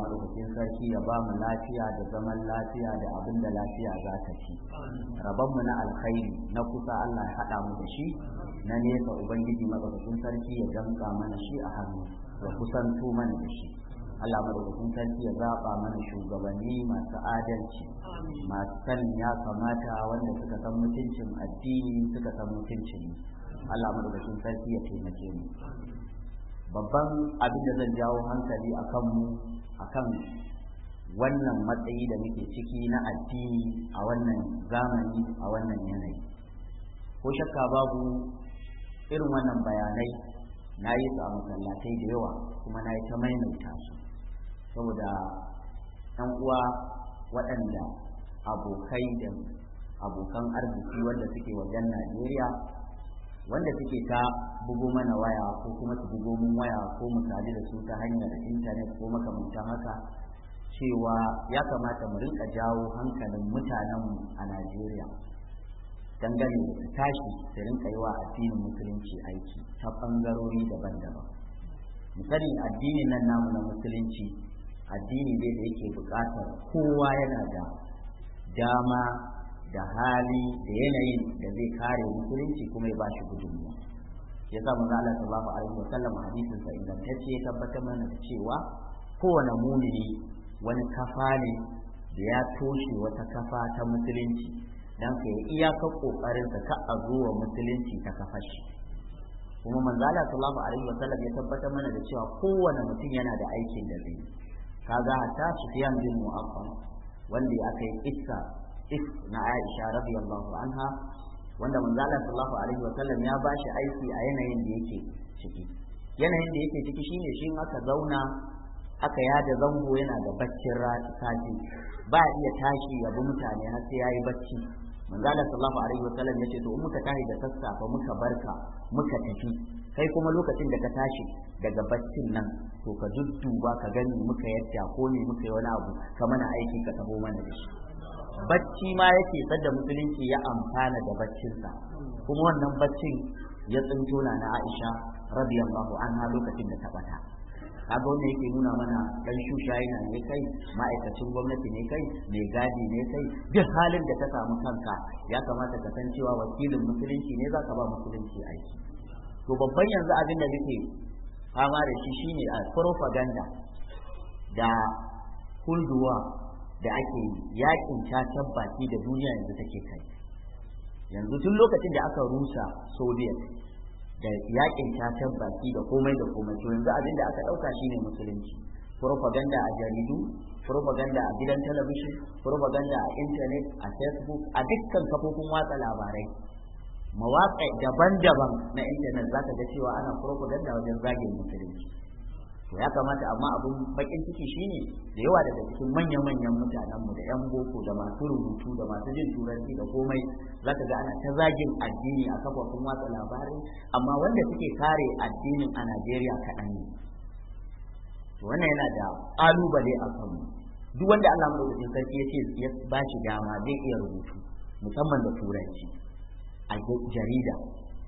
sarki ya ba mu lafiya da zaman lafiya da abin da lafiya za ta ci rabon mu na alkhairi na kusa Allah ya haɗa mu da shi na nesa ubangiji madaukakin sarki ya damka mana shi a hannu da kusanto mana da shi Allah madaukakin sarki ya zaba mana shugabanni masu adalci masu san ya kamata wanda suka san mutuncin addini suka san mutuncin Allah madaukakin sarki ya taimake mu babban abin da zan jawo hankali a kanmu a kan wannan matsayi da muke ciki na addini a wannan zamani a wannan yanayi ko shakka babu irin wannan bayanai na yi su a masallatai da yawa kuma na yi ta maimaita su saboda ɗan uwa waɗanda abokai da abokan arziki wanda suke wajen najeriya wanda suke ta bugo mana waya ko kuma su bugo min waya ko misali da su ta hanyar intanet ko makamantan haka cewa ya kamata mu rinka jawo hankalin mutanenmu a najeriya dangane da su tashi su rinka yi wa addinin musulunci aiki ta bangarori daban-daban misali addinin nan namu na musulunci addini ne da yake buƙatar kowa yana da dama da hali da yanayin da zai kare musulunci kuma ya bashi gudunmuwa ya sa zala ta bafa alaihi wa sallam hadisin sa ta ya tabbatar mana cewa kowane mumini wani kafa ne da ya toshe wata kafa ta musulunci dan ka yi iyaka kokarin ka a zuwa musulunci ta kafa shi kuma manzala sallallahu alaihi wasallam ya tabbatar mana da cewa kowane mutum yana da aikin da zai ta hatta sufyan bin mu'affan wanda ya aka yi iska is na aisha radiyallahu anha wanda manzala sallallahu alaihi wasallam ya bashi aiki a yanayin da yake ciki yanayin da yake ciki shine shi aka zauna aka yada zango yana da baccin sati ba iya tashi ya mutane har sai yayi bacci manzala sallallahu alaihi wasallam yace to in muka tashi da sassafa muka barka muka tafi kai kuma lokacin da ka tashi daga baccin nan to ka dudduba ka gani muka yadda ko ne muka yi wani abu ka mana aiki ka taho mana da shi bacci ma yake sadda musulunci ya amfana da baccinsa kuma wannan baccin ya tsinto na Aisha radiyallahu anha lokacin da ta bata kaga wannan yake nuna mana dan shusha yana ne kai ma'aikacin gwamnati ne kai mai gadi ne kai duk halin da ta samu kanka ya kamata ka san cewa wakilin musulunci ne zaka ba musulunci aiki to babban yanzu abin da nake fama da shi shine a ah, propaganda da kulduwa da ake yakin cacan baki da duniya yanzu take kai yanzu tun lokacin da aka rusa soviet da yakin cacar baki da komai da komai to yanzu abin da aka ɗauka shine musulunci propaganda a jaridu propaganda a gidan talabishin propaganda a intanet a facebook a dukkan kafofin watsa labarai mawaƙai daban-daban na intanet zaka ga cewa ana propaganda wajen zagin musulunci to ya kamata amma abin bakin ciki shine da yawa daga cikin manya-manyan mutanen mu da yan boko da masu rubutu da masu jin turanci da komai zaka ga ana ta zagin addini a kafofin watsa labarai amma wanda suke kare addinin a Najeriya kaɗan ne to wannan yana da ƙalubale a kanmu duk wanda Allah da sarki ya ce ya ba shi dama zai iya rubutu musamman da turanci a jarida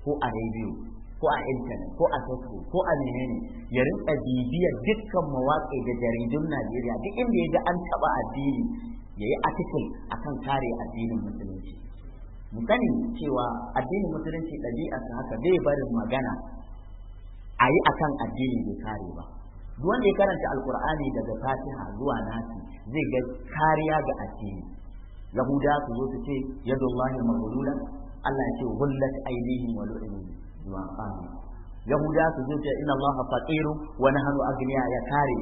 ko a rediyo ko a intanet ko a sako ko a menene ya rinka bibiyar dukkan mawaƙi da jaridun najeriya duk inda ya ga an taɓa addini ya yi article akan kare addinin musulunci mu sani cewa addinin musulunci ɗabi'arsa haka bai barin magana a yi akan addini bai kare ba duk wanda ya karanta alkur'ani daga fatiha zuwa nasi zai ga kariya ga addini yahudawa su zo su ce yadullahi maghlula Allah ya ce hullat ainihin wa wa qalu yahuda su zo ce inna allaha faqiru wa nahnu agniya ya kare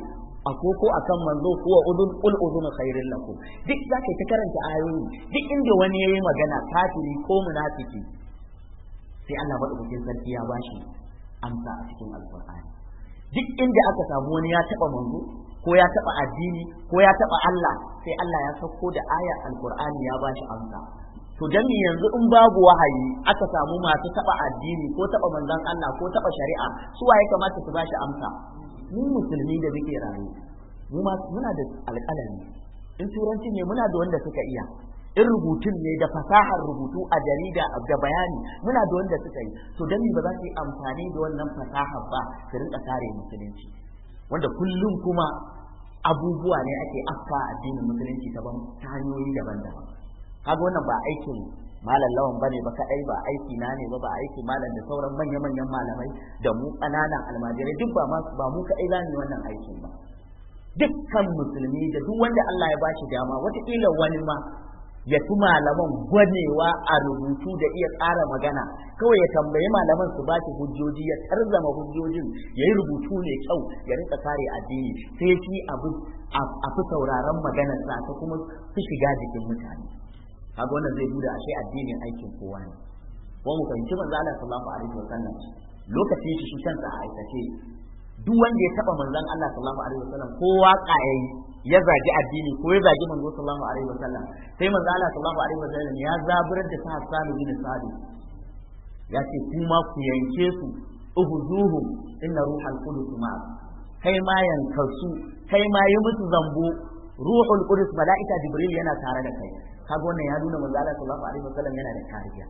ako ko akan manzo ko udun ul udun khairin lakum duk zakai ta karanta ayoyi duk inda wani yayi magana kafiri ko munafiki sai Allah madaukakin sarki ya bashi amsa a cikin alqur'ani duk inda aka samu wani ya taba manzo ko ya taba addini ko ya taba Allah sai Allah ya sauko da aya alqur'ani ya bashi amsa to dami yanzu in babu wahayi aka samu masu taba addini ko taba manzon Allah ko taba shari'a su waye kamata su bashi amsa mu musulmi da muke rayu mu muna da alƙalami in turanci ne muna da wanda suka iya in rubutun ne da fasahar rubutu a jarida da bayani muna da wanda suka yi to dan ba za su yi amfani da wannan fasahar ba su rinka kare musulunci wanda kullum kuma abubuwa ne ake afka addinin musulunci ta hanyoyi daban-daban kaga wannan ba aikin malam lawan bane ba kadai ba aiki na ne ba ba aiki malam da sauran manya manyan malamai da mu kananan almajirai duk ba ba mu ka za mu wannan aikin ba dukkan musulmi da duk wanda Allah ya bashi dama wataƙila wani ma ya fi malaman gwanewa a rubutu da iya tsara magana kawai ya tambayi malaman su ba shi hujjoji ya tarzama hujjojin ya yi rubutu ne kyau ya rika kare addini sai shi abu a fi sauraron maganarsa ta kuma fi shiga jikin mutane kaga wannan zai buda ashe addinin aikin kowa ne wa mu fahimci manzo Allah sallallahu alaihi wasallam lokacin shi shi kansa a aikace duk wanda ya taba manzon Allah sallallahu alaihi wasallam kowa kayayi ya zagi addini ko ya zagi manzo sallallahu alaihi wasallam sai manzo Allah sallallahu alaihi wasallam ya zaburar da sa salu bin sa'id ya ce kuma ku yanke su uhuzuhu inna ruhal qudus ma kai ma yanka su kai ma yi musu zambo ruhul qudus malaika jibril yana tare da kai kaga wannan ya nuna manzo Allah sallallahu alaihi wasallam yana da kariya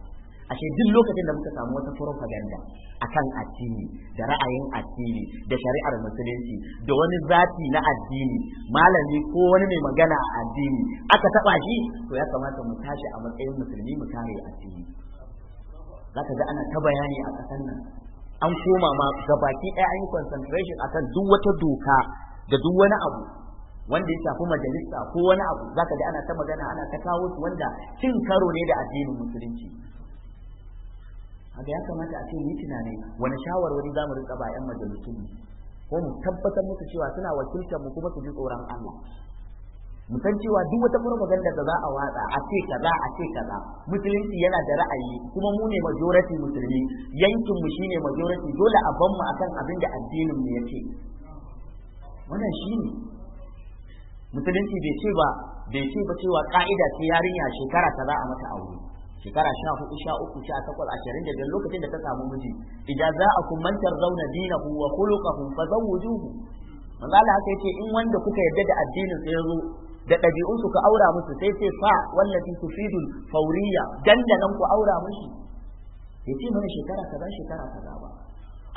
ashe duk lokacin da muka samu wata propaganda akan addini da ra'ayin addini da shari'ar musulunci da wani zati na addini malami ko wani mai magana a addini aka taba shi to ya kamata mu tashi a matsayin musulmi mu kare addini zaka ga ana ta bayani a kasan nan an koma ma gabaki ɗaya an yi concentration akan duk wata doka da duk wani abu wanda ya shafi majalisa ko wani abu zaka ji ana ta magana ana ta kawo su wanda cin karo ne da addinin musulunci haka ya kamata a ce ni tunani wani shawarwari za mu rinka ba 'yan majalisun mu ko mu tabbatar musu cewa suna wakiltar mu kuma su ji tsoron Allah mu cewa duk wata propaganda da za a watsa a ce kaza a ce kaza musulunci yana da ra'ayi kuma mu ne majority musulmi yankin mu shine majority dole a ban mu akan abin da addinin mu yake wannan shine musulunci bai ce ba bai ce ba cewa ka'ida ce yarinya shekara ta za a mata aure shekara sha hudu sha uku sha takwas ashirin da biyar lokacin da ta samu miji idan za a kumantar zauna dinahu wa khuluqahu fa zawwijuhu manzo Allah haka yace in wanda kuka yarda da addinin sai yazo da ɗabi'un su ka aura musu sai sai fa wallafi tufidul fauriya dandalan ku aura mushi yace mana shekara kaza shekara kaza ba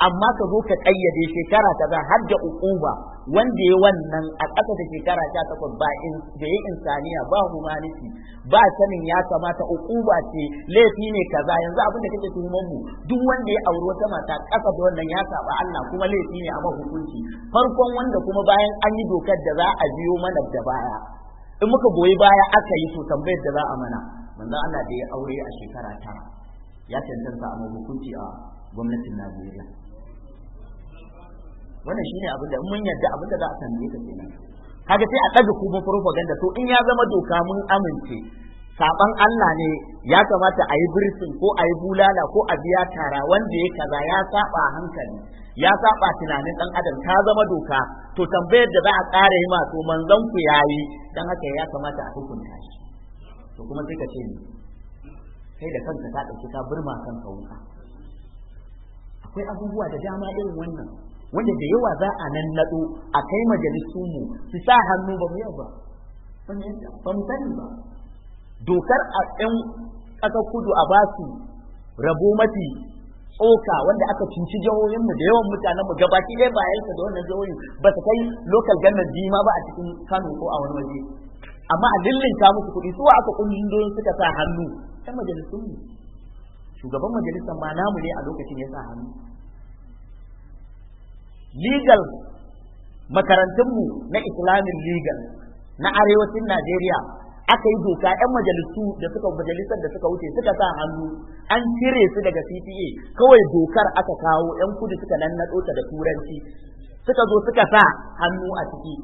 amma ka zo ka kayyade shekara ta za har da ukuba wanda ya wannan a ƙasa da shekara ta takwas ba in da ya insaniya ba humanity ba sanin ya kamata ukuba ce laifi ne kaza yanzu abin da kake tuhumar mu duk wanda ya auri wata mata ƙasa da wannan ya saba Allah kuma laifi ne a mahukunci farkon wanda kuma bayan an yi dokar da za a biyo mana da baya in muka goyi baya aka yi to tambayar da za a mana manzo Allah da ya aure a shekara ta. ya tantance a mahukunci a gwamnatin Najeriya wannan shine abin da mun yarda abin da za a tambaye ka kenan kaga sai a ɗaga kuma propaganda to in ya zama doka mun amince saban Allah ne ya kamata a yi birsin ko a yi bulala ko a biya tara wanda ya kaza ya saba hankali ya saba tunanin dan adam ta zama doka to tambayar da za a ƙara yi masu to manzon ku yayi dan haka ya kamata a hukunta shi to kuma sai ka ce ni kai da kanka ka dauki ka burma kanka wuka akwai abubuwa da dama irin wannan wanda da yawa za a nan naɗo a kai majalisu mu su sa hannu ba mu yau ba ba mu sani ba dokar a ɗan ƙasar kudu a basu rabo mafi tsoka wanda aka cinci jihohin mu da yawan mutanen mu gabaki ɗaya ba yanka da wannan jihohi ba su kai lokal gannan jima ba a cikin Kano ko a wani waje amma a lillinta musu kuɗi su aka kungiyoyin suka sa hannu ta majalisun mu shugaban majalisar ma namu ne a lokacin ya sa hannu legal makarantunmu na islamic legal na arewacin najeriya aka yi doka 'yan majalisu da suka majalisar da suka wuce suka sa hannu an cire su daga CTA kawai dokar aka kawo 'yan kudu suka nan ta da turanci suka zo suka sa hannu a ciki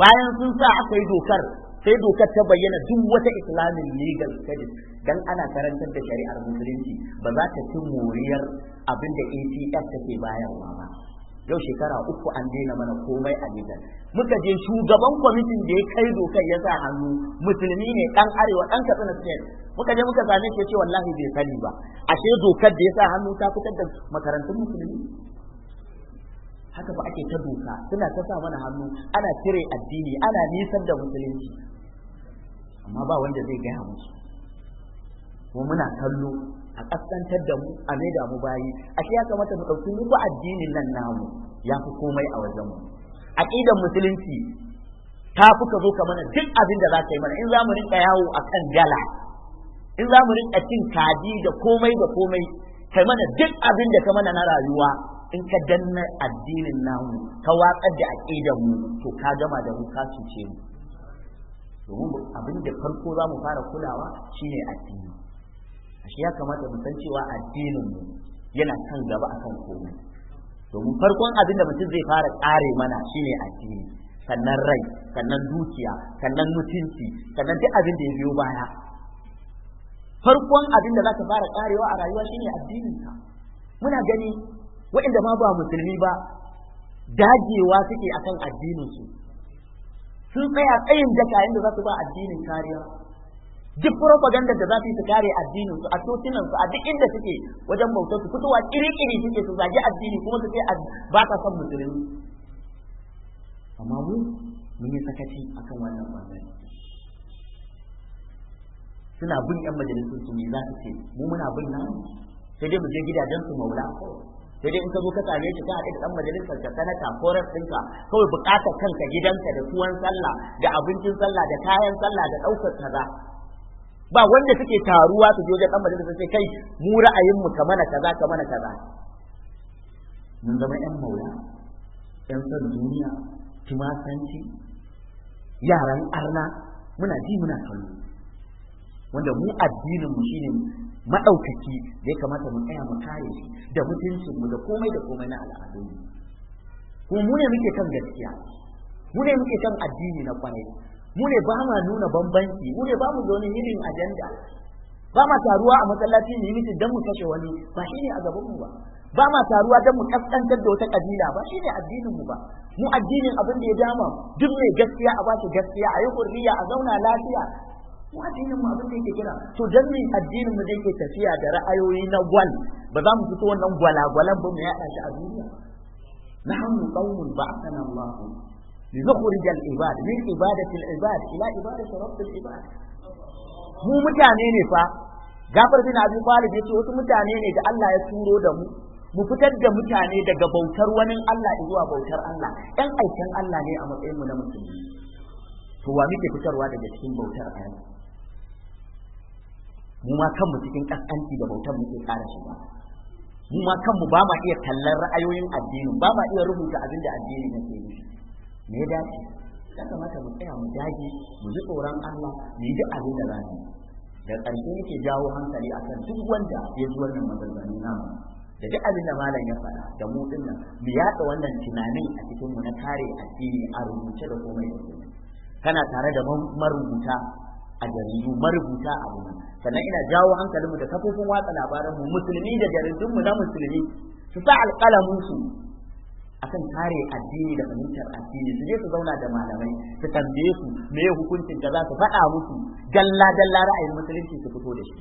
bayan sun sa aka yi dokar sai dokar ta bayyana duk wata islamin legal studies dan ana karantar da shari'ar musulunci ba za ta fi moriyar abin da ATF take bayarwa ba yau shekara uku an daina mana komai a legal muka je shugaban kwamitin da ya kai dokar ya sa hannu musulmi ne dan arewa dan katsina state muka je muka same shi ce wallahi bai sani ba ashe dokar da ya sa hannu ta fitar da makarantun musulmi haka ba ake ta doka suna ta sa mana hannu ana cire addini ana nisan da musulunci amma ba wanda zai gaya musu mu muna kallo a kaskantar da mu a da mu bayi shi ya kamata mu ɗauki duk addinin nan namu ya fi komai a wajen mu aqidar musulunci ta fi ka zo ka mana duk abin da za ka yi mana in za mu rinka yawo akan gala in za mu rinka cin kaji da komai da komai kai mana duk abin da ka mana na rayuwa in ka danna addinin namu ka watsar da aqidar mu to ka gama da mu ka cuce mu domin abin da farko za mu fara kulawa shine addini shi ya kamata mu san cewa addinin mu yana kan gaba akan komai domin farkon abin da mutum zai fara tsare mana shine addini sannan rai sannan dukiya sannan mutunci sannan duk abin da ya biyo baya farkon abin da za ka fara karewa a rayuwa shine addinin ka muna gani waɗanda ma ba musulmi ba dagewa suke akan addinin su sun tsaya tsayin jaka inda za su ba addinin kariya duk propaganda da za su yi su kare addinin su a tocinan su a duk inda suke wajen bautar su fitowa kiri-kiri suke su zagi addini kuma su ce ba ta son musulmi amma mu mun yi sakaci akan wannan bangare suna bin yan majalisun su me za su ce mu muna bin namu sai dai mu je gidajen su maula kawai sai dai in ka zo ka same shi ka haɗe da ɗan majalisa ka sanata ko ɗinka kawai buƙatar kanka gidanka da tuwon sallah da abincin sallah da kayan sallah da ɗaukar kaza ba wanda suke taruwa su je wajen ɗan majalisa sai kai mu ra'ayinmu ka mana kaza ka mana kaza mun zama ƴan maula ƴan san duniya tumasanci yaran arna muna ji muna kallo wanda mu addinin mu shine madaukaki da ya kamata mu tsaya mu kare shi da mutuncin mu da komai da komai na al'adu ko mu ne muke kan gaskiya mu ne muke kan addini na kwarai mu ne ba ma nuna bambanci mu ne ba mu zo ne irin ajanda ba ma taruwa a masallaci ne mutum dan mu kashe wani ba shine a gaban mu ba ba ma taruwa don mu kaskantar da wata kabila ba shi ne addinin mu ba mu addinin abin da ya dama duk mai gaskiya a bashi gaskiya a yi hurriya a zauna lafiya Wa addinin mu abin da yake kira to dan ne addinin mu zai ke tafiya da ra'ayoyi na gwal ba za mu fito wannan gwalagwalan ba mu yaɗa shi a duniya nahnu qaumun ba'athana Allah لنخرج العباد من عبادة العباد إلى عبادة رب العباد mu mutane ne fa gafar bin abi talib yace wasu mutane ne da Allah ya turo da mu mu fitar da mutane daga bautar wani Allah zuwa bautar Allah ɗan aikin Allah ne a matsayin mu na musulmi to wa muke fitarwa daga cikin bautar Allah mu ma kanmu cikin kaskanci da bautar muke ƙara ba mu ma kanmu ba ma iya kallon ra'ayoyin addinin ba ma iya rubuta abin da addini yake yi me ya dace ya kamata mu tsaya mu dage mu ji tsoron Allah mu yi duk abin da za mu da ƙarshe yake jawo hankali a kan duk wanda ya nan wannan na mu da duk abin da malam ya faɗa da mu din nan mu yaɗa wannan tunanin a cikin mu na kare addini a rubuce da komai da komai kana tare da marubuta a jaridu marubuta abu sannan ina jawo hankalinmu da kafofin watsa labaranmu musulmi da jaridunmu na musulmi su sa alƙalaminsu akan kare addini da fahimtar addini su je su zauna da malamai su tambaye su me hukuncin da za su faɗa musu galla dalla ra'ayin musulunci su fito da shi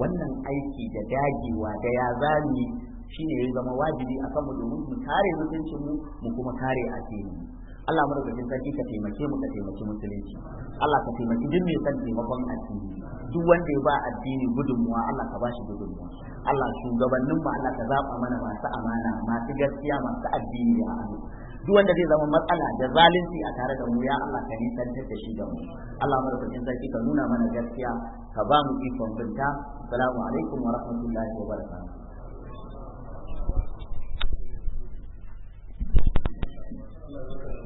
wannan aiki da dagewa da ya zami shine ya zama wajibi akan domin mu kare mutuncin mu mu kuma kare addini Allah madaukakin sarki ka taimake mu ka taimaki musulunci Allah ka taimaki duk mai san taimakon addini duk wanda ya ba addini gudunmuwa Allah ka ba shi gudunmuwa Allah shugabannin mu Allah ka zaba mana masu amana masu gaskiya masu addini da hannu duk wanda zai zama matsala da zalunci a tare da mu ya Allah ka nisantar da shi da mu Allah madaukakin sarki ka nuna mana gaskiya ka ba mu ikon binta assalamu alaikum wa rahmatullahi wa barakatuh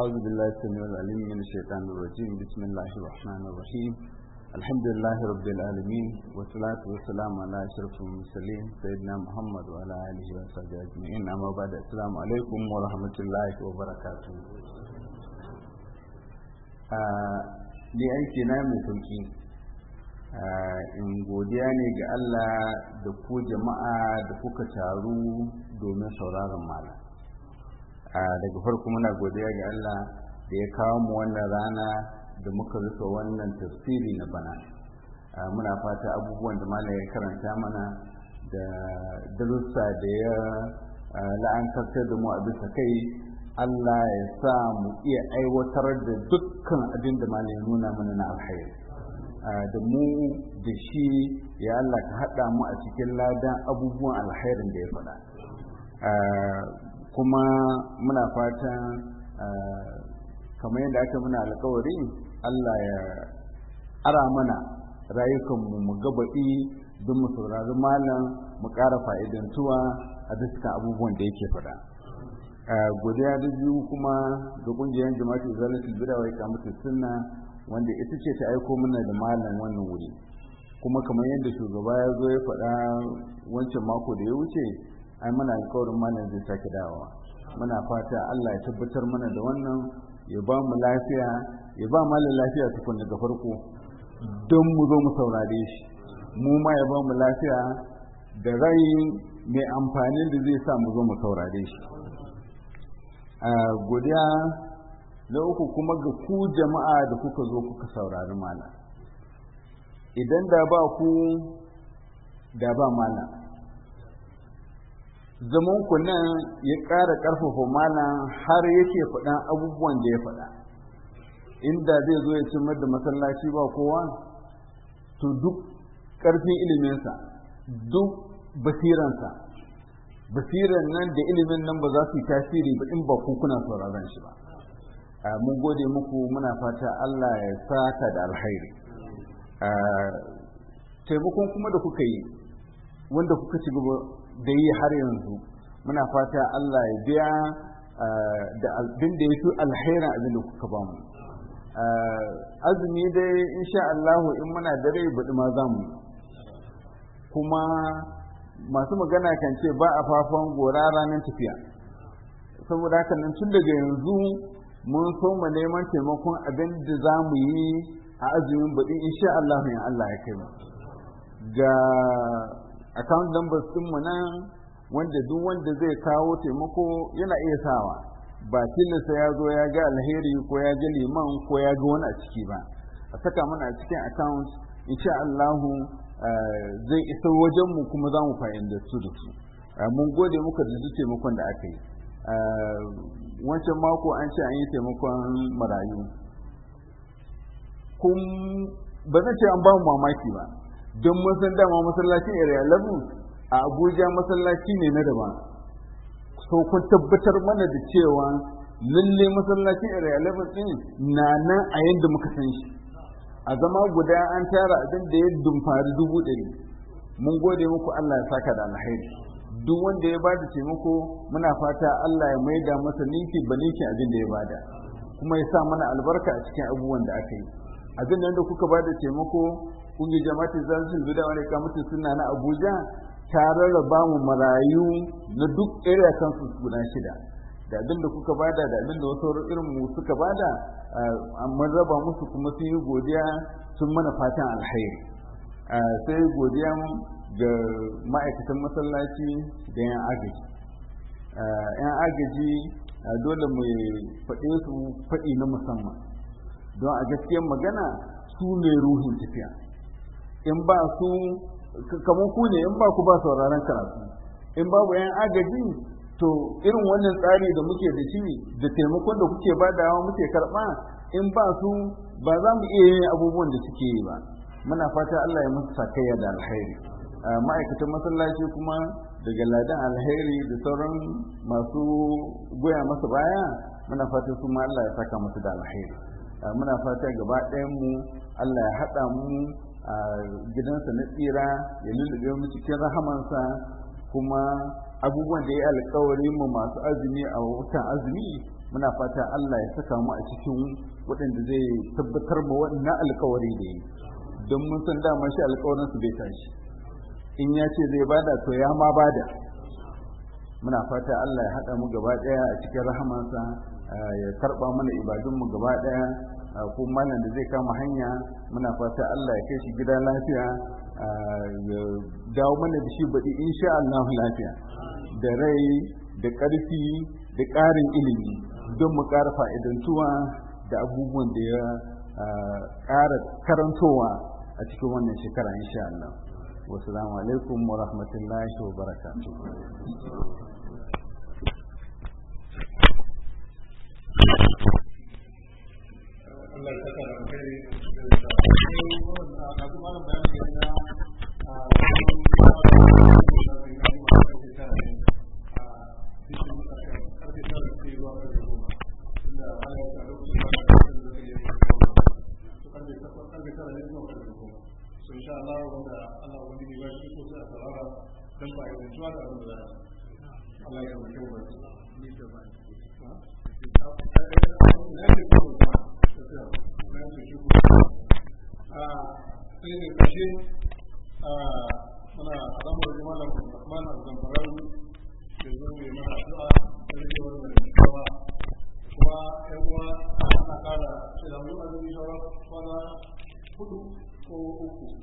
أعوذ بالله السميع العليم من الشيطان الرجيم بسم الله الرحمن الرحيم الحمد لله رب العالمين والصلاة والسلام على أشرف المرسلين سيدنا محمد وعلى آله وصحبه أجمعين أما بعد السلام عليكم ورحمة الله وبركاته لأيكي نعم تلكي mai sauki in godiya ne ga Allah da ku jama'a da daga farko muna godiya ga Allah da ya kawo mu wannan rana da muka rufe wannan tafsiri na bana muna fata abubuwan da malam ya karanta mana da darussa da ya la'antarta da mu a bisa kai Allah ya sa mu iya aiwatar da dukkan abin da malaya nuna mana na alhairi da mu da shi ya Allah ka haɗa mu a cikin ladan abubuwan alhairin da ya faɗa kuma muna fata ah, kamar yadda aka muna alkawari Allah ya ara mana rayukanmu mu gabaɗi don mu saurari malam mu ƙara fa'idantuwa a dukkan abubuwan da yake faɗa. Ah, godiya da biyu kuma ga ƙungiyar jama'atu zalatul bida wai kamata sunna wanda ita ce ta aiko mana da malam wannan wuri kuma kamar yadda shugaba ya zo ya faɗa wancan mako da ya wuce ai muna alƙawarin mana zai sake dawowa muna fata Allah ya tabbatar mana da wannan ya ba mu lafiya ya ba mu lafiya tukun daga farko don mu zo mu saurare shi mu ma ya ba mu lafiya da rai mai amfani da zai sa mu zo mu saurare shi a godiya na uku kuma ga ku jama'a da kuka zo kuka saurari mana, idan da ba ku da ba mana. zaman ku nan ya ƙara ƙarfafa malam har yake faɗan abubuwan da ya faɗa inda zai zo ya cimma da masallaci ba kowa to duk ƙarfin iliminsa duk basiransa basiran nan da ilimin nan ba za su yi tasiri ba in ba ku kuna sauraron shi ba mun gode muku muna fata Allah ya saka da alhairi taimakon kuma da kuka yi wanda kuka ci gaba da yi har yanzu muna fata Allah ya biya eh, da abin da ya fi abin da kuka ba mu eh, azumi dai insha Allah in muna da rai baɗi ma za mu kuma masu magana kan ce ba a fafan gora ranar tafiya saboda haka nan tun daga yanzu mun so mu neman taimakon abin da za mu yi a azumin baɗi insha Allah ya Allah ya kai mu ga account numbers mu nan wanda duk wanda zai kawo taimako yana iya sawa ba tilasta ya zo ya ga alheri ko ya ga liman ko ya ga wani a ciki ba a saka mana a cikin account insha Allah eh, zai isa wajen mu kuma za mu fa'inda su da su eh, mun gode muka da duk taimakon da aka yi eh, wancan mako an ce an yi taimakon marayu kun ba zan ce an ba mu mamaki ba don mun san dama masallacin area labu a abuja masallaci ne na daban so kun tabbatar mana da cewa lalle masallacin area 11 din na nan a yadda muka san shi a zama guda an tara abin da ya dumfari dubu ɗari mun gode muku allah ya saka da alheri duk wanda ya bada taimako muna fata allah ya maida masa ninki ba ninki abin da ya bada kuma ya sa mana albarka a cikin abubuwan da aka yi abin da kuka bada taimako kungiyar jama'atin zalisin bida wani kamacin suna na abuja ta rarraba mu marayu na duk area kansu guda shida da abin da kuka bada da abin da wasu irin mu suka bada mun raba musu kuma sun yi godiya sun mana fatan alheri sai godiya ga ma'aikatan masallaci da yan agaji yan agaji dole mu faɗe su faɗi na musamman don a gaskiyar magana su ne ruhin tafiya in ba su kamar ku ne in ba ku ba sauraron karatu in babu yan agaji to irin wannan tsari da muke da shi da taimakon da kuke ba yawa muke karba in ba su ba za mu iya yin abubuwan da suke yi ba muna fata Allah ya musu sakayya da alheri ma'aikatan masallaci kuma daga ladan alheri da sauran masu goya masa baya muna fata su ma Allah ya saka musu da alheri muna fata gaba ɗayan mu Allah ya haɗa mu a gidansa na tsira ya lullube mu cikin rahamansa kuma abubuwan da ya alkawari mu masu azumi a watan azumi muna fata Allah ya saka mu a cikin waɗanda zai tabbatar mu wannan alkawari da yi don mun san dama shi alkawarin su bai tashi in ya ce zai bada to ya ma bada muna fata Allah ya haɗa mu gaba ɗaya a cikin rahamansa ya karɓa mana ibadunmu gaba ɗaya ko malam da zai kama hanya muna fata Allah ya kai shi gida lafiya ya dawo mana da shi baɗi insha Allah lafiya da rai da ƙarfi da ƙarin ilimi don mu ƙara fa'idantuwa da abubuwan da ya ƙara karantowa a cikin wannan shekara insha Allah wasu alaikum wa rahmatullahi wa barakatuh Allah ya da kai da kuma da bayanin da insha Allah wanda Allah wani ne ba shi ko sai a sarara dan ba yin tuwa da abin da Allah ya kamata mu ba ni da ba ni sai da kashe muna mana addu'a da rage wannan cewa kuma ƴan uwa ana ƙara tsiramu hudu ko uku.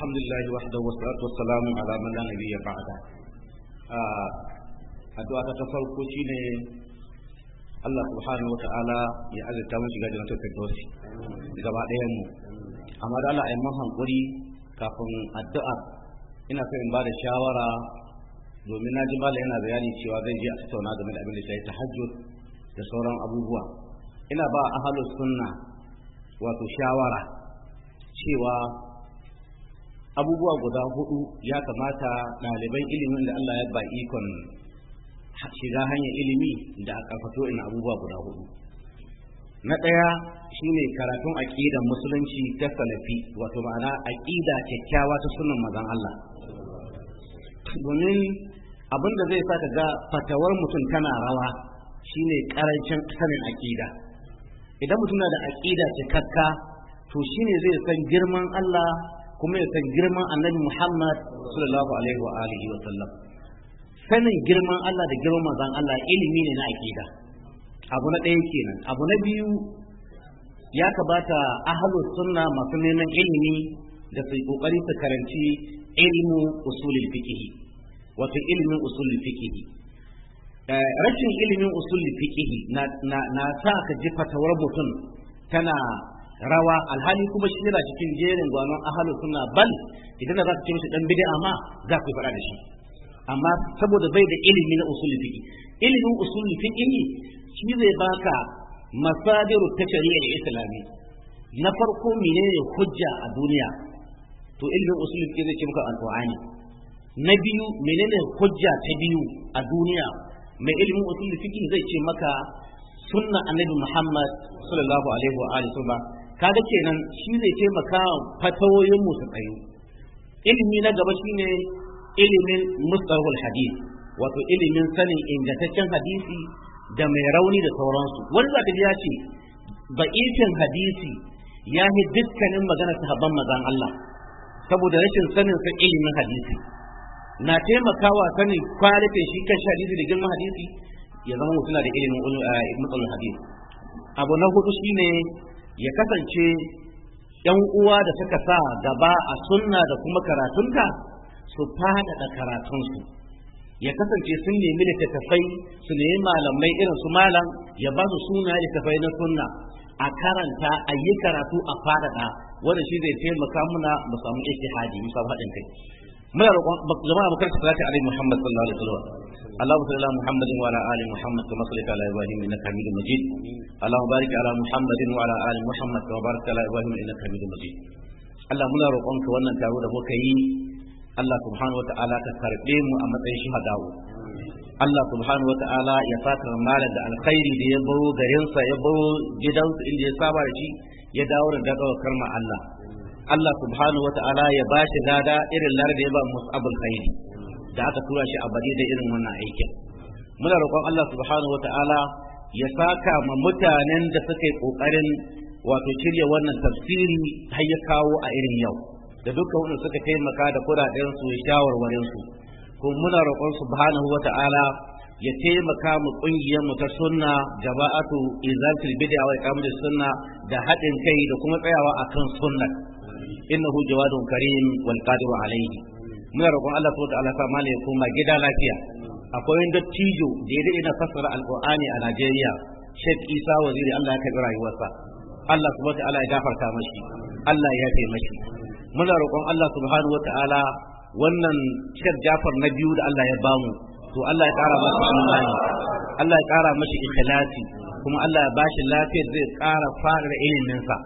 الحمد لله وحده والصلاة والسلام على من لا نبي بعده addu'a ta farko shine Allah subhanahu wata'ala ya azurta mu shiga jannatul firdausi gaba ɗayan mu amma da Allah ayi mun hankuri kafin addu'a ina so in ba da shawara domin na ji malam yana bayani cewa zai je a tattauna game da abin da shafi tahajjud da sauran abubuwa ina ba ahlus sunna wato shawara cewa abubuwa guda hudu ya kamata ɗaliban ilimin da Allah ya ba ikon shiga hanyar ilimi da a ƙarfato ina abubuwa guda hudu na ɗaya shine karatun aƙidan musulunci ta salafi wato ma'ana aƙida kyakkyawa ta sunan mazan Allah domin abin da zai sa ka ga fatawar mutum tana rawa shine karancin sanin aƙida idan mutum na da aƙida cikakka to shine zai san girman Allah kuma ya san girman annabi Muhammad sallallahu alaihi wa alihi wa sallam sanin girman Allah da girman manzon Allah ilimi ne na aqida abu na ɗaya kenan abu na biyu ya kamata ahlus sunna masu neman ilimi da su kokari su karanci ilmu usulul fiqh wato ilmin usulul fiqh eh, rashin ilimin usulul fiqh na na sa ka jifa fatawar mutum tana rawa alhali kuma shi yana cikin jerin gwanon ahalu suna bal idan da za ka ce mishi dan bid'a ma za ku faɗa da shi amma saboda bai da ilimi na usul fiqi ilimin usul fiqi shi zai baka masadiru ta shari'ar islami na farko menene hujja a duniya to ilimin usul fiqi zai ce maka alqur'ani na biyu menene hujja ta biyu a duniya mai ilimin usul fiqi zai ce maka sunna annabi Muhammad sallallahu alaihi wa alihi wa kaga kenan shi zai taimaka fatawoyin mu su tsayu ilimi na gaba shine ilimin mustalahul hadith wato ilimin sanin ingantaccen hadisi da mai rauni da sauransu wani za ta ya ce ba'ifin hadisi ya yi dukkanin magana haban mazan Allah saboda rashin sanin sa ilimin hadisi na taimakawa sanin kwalifin shi kan hadisi da girman hadisi ya zama mutuna da ilimin eh, matsalolin hadisi abu na hudu shine ya kasance ‘yan uwa da suka sa gaba a sunna da kuma karatunka su faɗaɗa karatunsu ya kasance sun nemi littattafai su nemi malamai irin su malam ya ba su suna littattafai na sunna a karanta a yi karatu a faraɗa, wanda shi zai taimaka muna mu samu ijtihadi mu samu haɗin kai muna roƙon jama'a mu karka salati alaihi muhammad sallallahu alaihi wasallam اللهم صل على محمد وعلى ال محمد كما صليت على ابراهيم انك حميد مجيد اللهم بارك على محمد وعلى ال محمد كما باركت على ابراهيم انك حميد مجيد Allah muna roƙonka wannan taro da muka yi Allah subhanahu wa ta'ala ka karɓe mu a matsayin shahadawo Allah subhanahu wa ta'ala ya saka malam da alkhairi da ya baro garinsa ya baro gidansa inda ya saba da shi ya dawo da dagawa karma Allah Allah subhanahu ta'ala ya bashi lada irin lada da ya ba Mus'abul Khairi da aka tura shi a bari da irin wannan aikin muna roƙon Allah subhanahu ta'ala ya saka ma mutanen da suka yi ƙoƙarin wato shirya wannan tafsiri har ya kawo a irin yau da duka wanda suka taimaka da su ya shawarwarinsu kuma muna roƙon subhanahu ta'ala ya taimaka mu ƙungiyar mu ta sunna jama'atu izalatul bid'a wa iqamatus sunna da haɗin kai da kuma tsayawa akan sunna innahu jawadun karim wal qadiru alayhi muna roƙon Allah subhanahu wa gida lafiya akwai wani dattijo da ya daɗe na fassara alƙur'ani a Najeriya Sheikh Isa Waziri Allah ya karɓi rayuwarsa Allah subhanahu wa ta'ala ya mashi Allah ya mashi roƙon Allah wannan cikar Jafar na biyu da Allah ya bamu to Allah ya ƙara masa imani Allah ya ƙara mashi ikhlasi kuma Allah ya bashi lafiyar zai ƙara fara iliminsa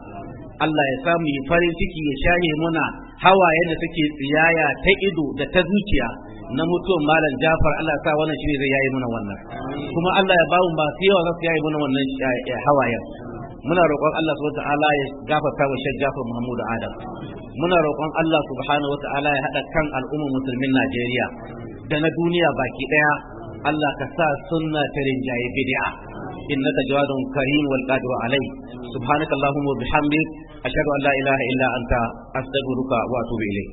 Allah ya samu yi farin ciki ya shahe muna hawaye da suke tsiyaya ta ido da ta zuciya na mutuwan malam Jafar Allah sa wannan shi zai yayi muna wannan kuma Allah ya bawo ba su yawa za su yayi muna wannan eh, eh, hawayen muna roƙon Allah subhanahu ta'ala ya gafarta wa Sheikh Jafar Muhammad Adam muna roƙon Allah subhanahu ta'ala ya hada kan al'ummar musulmin Najeriya da na duniya baki daya Allah ka sa sunna ta rinjaye bid'a innaka jawadun karim wal qadir alai subhanakallahumma wa bihamdik ashhadu an la ilaha illa anta astaghfiruka wa atubu ilayk